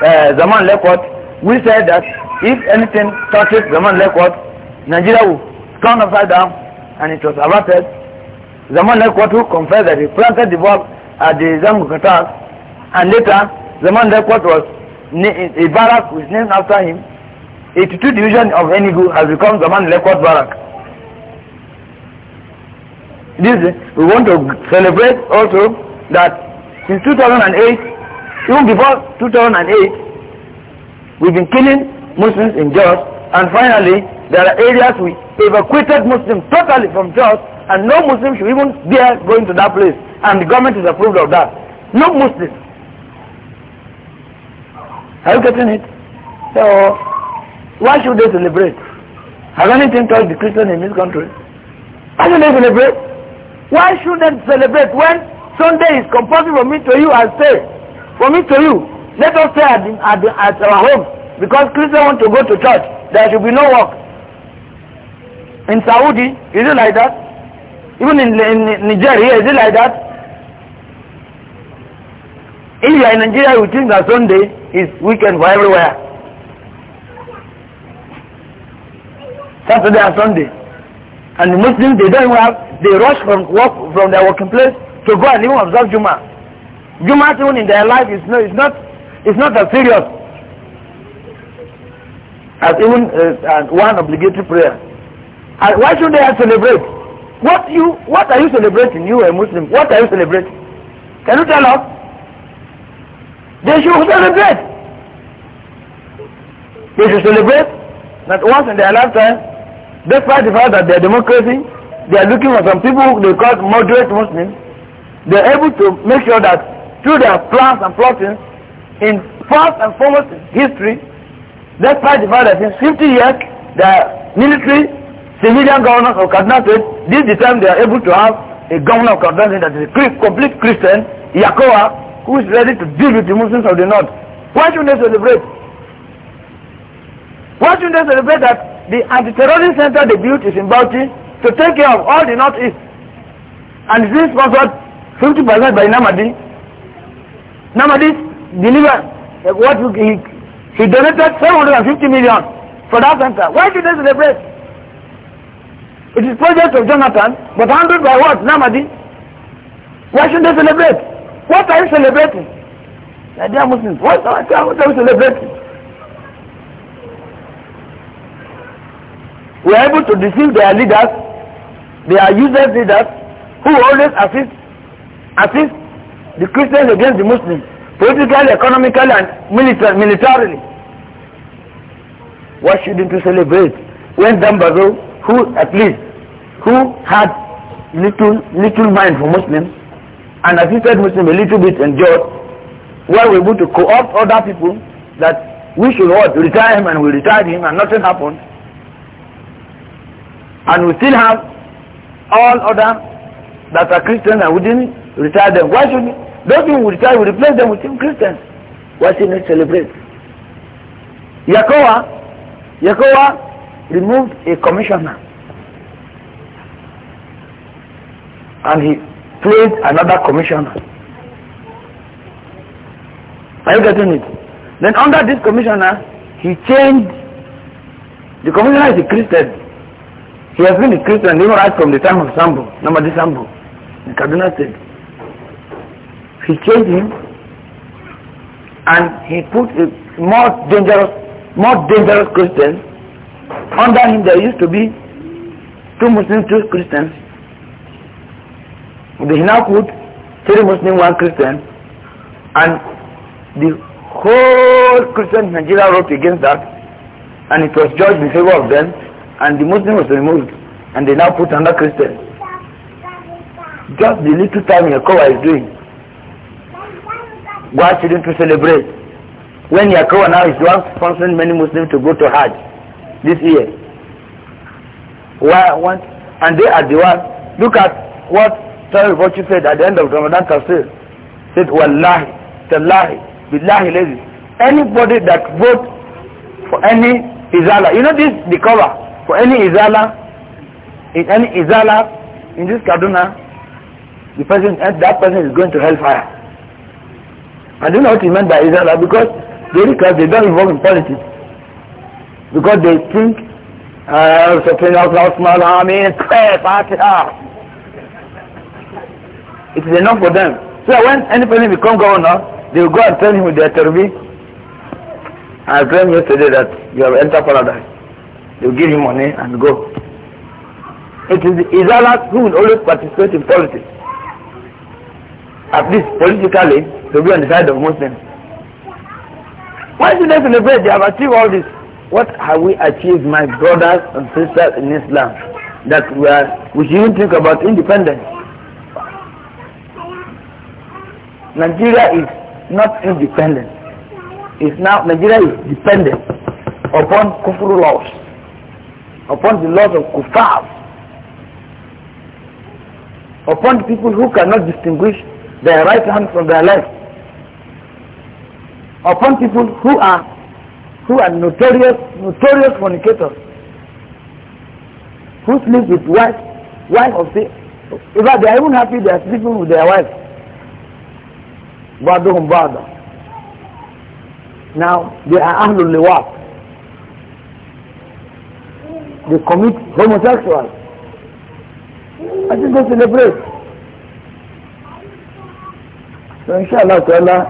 uh, Zaman Lekwot, we said that if anything touches Zaman Lekwot, Nigeria will turn upside down and it was averted. Zaman Lekwot who confessed that he planted the bomb at the Zango, Qatar And later, the man that was a barrack was named after him. two division of Enugu has become the man Lekwat barrack. This we want to celebrate also that since 2008, even before 2008, we've been killing Muslims in Jos, and finally there are areas we evacuated Muslims totally from Jos, and no Muslim should even dare going to that place, and the government is approved of that. No Muslims. Are you getting it? So, why should they celebrate? Has anything touched the Christian in this country? Why should they celebrate? Why should they celebrate when Sunday is compulsory for me to you and say, For me to you, let us stay at, the, at, the, at our home because Christians want to go to church. There should be no work. In Saudi, is it like that? Even in, in, in Nigeria, is it like that? If you are in Nigeria, you think that Sunday is weekend for everywhere. Saturday and Sunday. And the Muslims, they don't have, they rush from work, from their working place to go and even observe Juma. Juma even in their life is no, it's not, it's not as serious as even uh, one obligatory prayer. And why should they celebrate? What you, what are you celebrating? You a Muslim. What are you celebrating? Can you tell us? They should celebrate. They should celebrate that once in their lifetime, despite the fact that they are democracy, they are looking for some people who they call moderate Muslims, they are able to make sure that through their plans and plotting, in first and foremost history, despite the fact that in 50 years, the military, civilian governors of Kaduna State, this is the time they are able to have a governor of Kaduna State that is a complete Christian, Yakowa, who is ready to deal with the Muslims of the north. Why should they celebrate? Why should they celebrate that the anti-terrorism center they built is in Bauchi to take care of all the north east, And this sponsored 50% by Namadi. Namadi delivered uh, what he, he donated 750 million for that center. Why should they celebrate? It is project of Jonathan, but handled by what? Namadi. Why should they celebrate? What are you celebrating? My dear Muslims, what are, what are you celebrating? We are able to deceive their leaders, their useless leaders, who always assist, assist the Christians against the Muslims, politically, economically, and military, militarily. What shouldn't we celebrate? When Dambazo, who at least, who had little, little mind for Muslims, and assisted Muslims a little bit endured were we able to co-opt other people that we should what, retire him and we retired him and nothing happened. And we still have all other that are Christians and we didn't retire them. Why should we? Those people we retire, we replace them with Christians. Why should we celebrate? Yakoa, Yakoa removed a commissioner. And he placed another commissioner. Are you getting it? Then under this commissioner, he changed. The commissioner is a Christian. He has been a Christian even right from the time of Sambo, Namadi Sambo, the Kaduna State. He changed him and he put a more dangerous, more dangerous Christian. Under him there used to be two Muslims, two Christians. They now put three Muslim, one Christian, and the whole Christian Nigeria wrote against that, and it was judged in favor of them, and the Muslim was removed, and they now put another Christian. Just the little time Yakowa is doing, why shouldn't we celebrate? When Yakowa now is one sponsoring many Muslims to go to Hajj this year, why? And they are the ones. Look at what Tell what you said at the end of Ramadan Tafsir said, Wallahi, Tallahi, Billahi, lazy. Anybody that vote for any Izala, you know this, the cover, for any Izala, in any Izala, in this Kaduna, the person, that person is going to hellfire. I don't know what he meant by Izala because they, because they don't involve in politics. Because they think, uh, Supreme Allah, Usman, Amin, Prayer, Fatiha, it is enough for them. So when any person become governor, they will go and tell him with their terbi, I claim yesterday that you have entered paradise. They will give him money and go. It is the who will always participate in politics. At least politically, to be on the side of Muslims. Why should they celebrate? They have achieved all this. What have we achieved, my brothers and sisters in Islam, that we, are, we shouldn't think about independence? Nigeria is not independent. It's now Nigeria is dependent upon kufru laws, upon the laws of kufar, upon the people who cannot distinguish their right hand from their left, upon people who are who are notorious notorious fornicators, who sleep with wife wife of the. In fact, they are even happy they are sleeping with their wife. بعضهم بعضا now they are ahlul liwat they commit homosexual I think they celebrate so inshallah to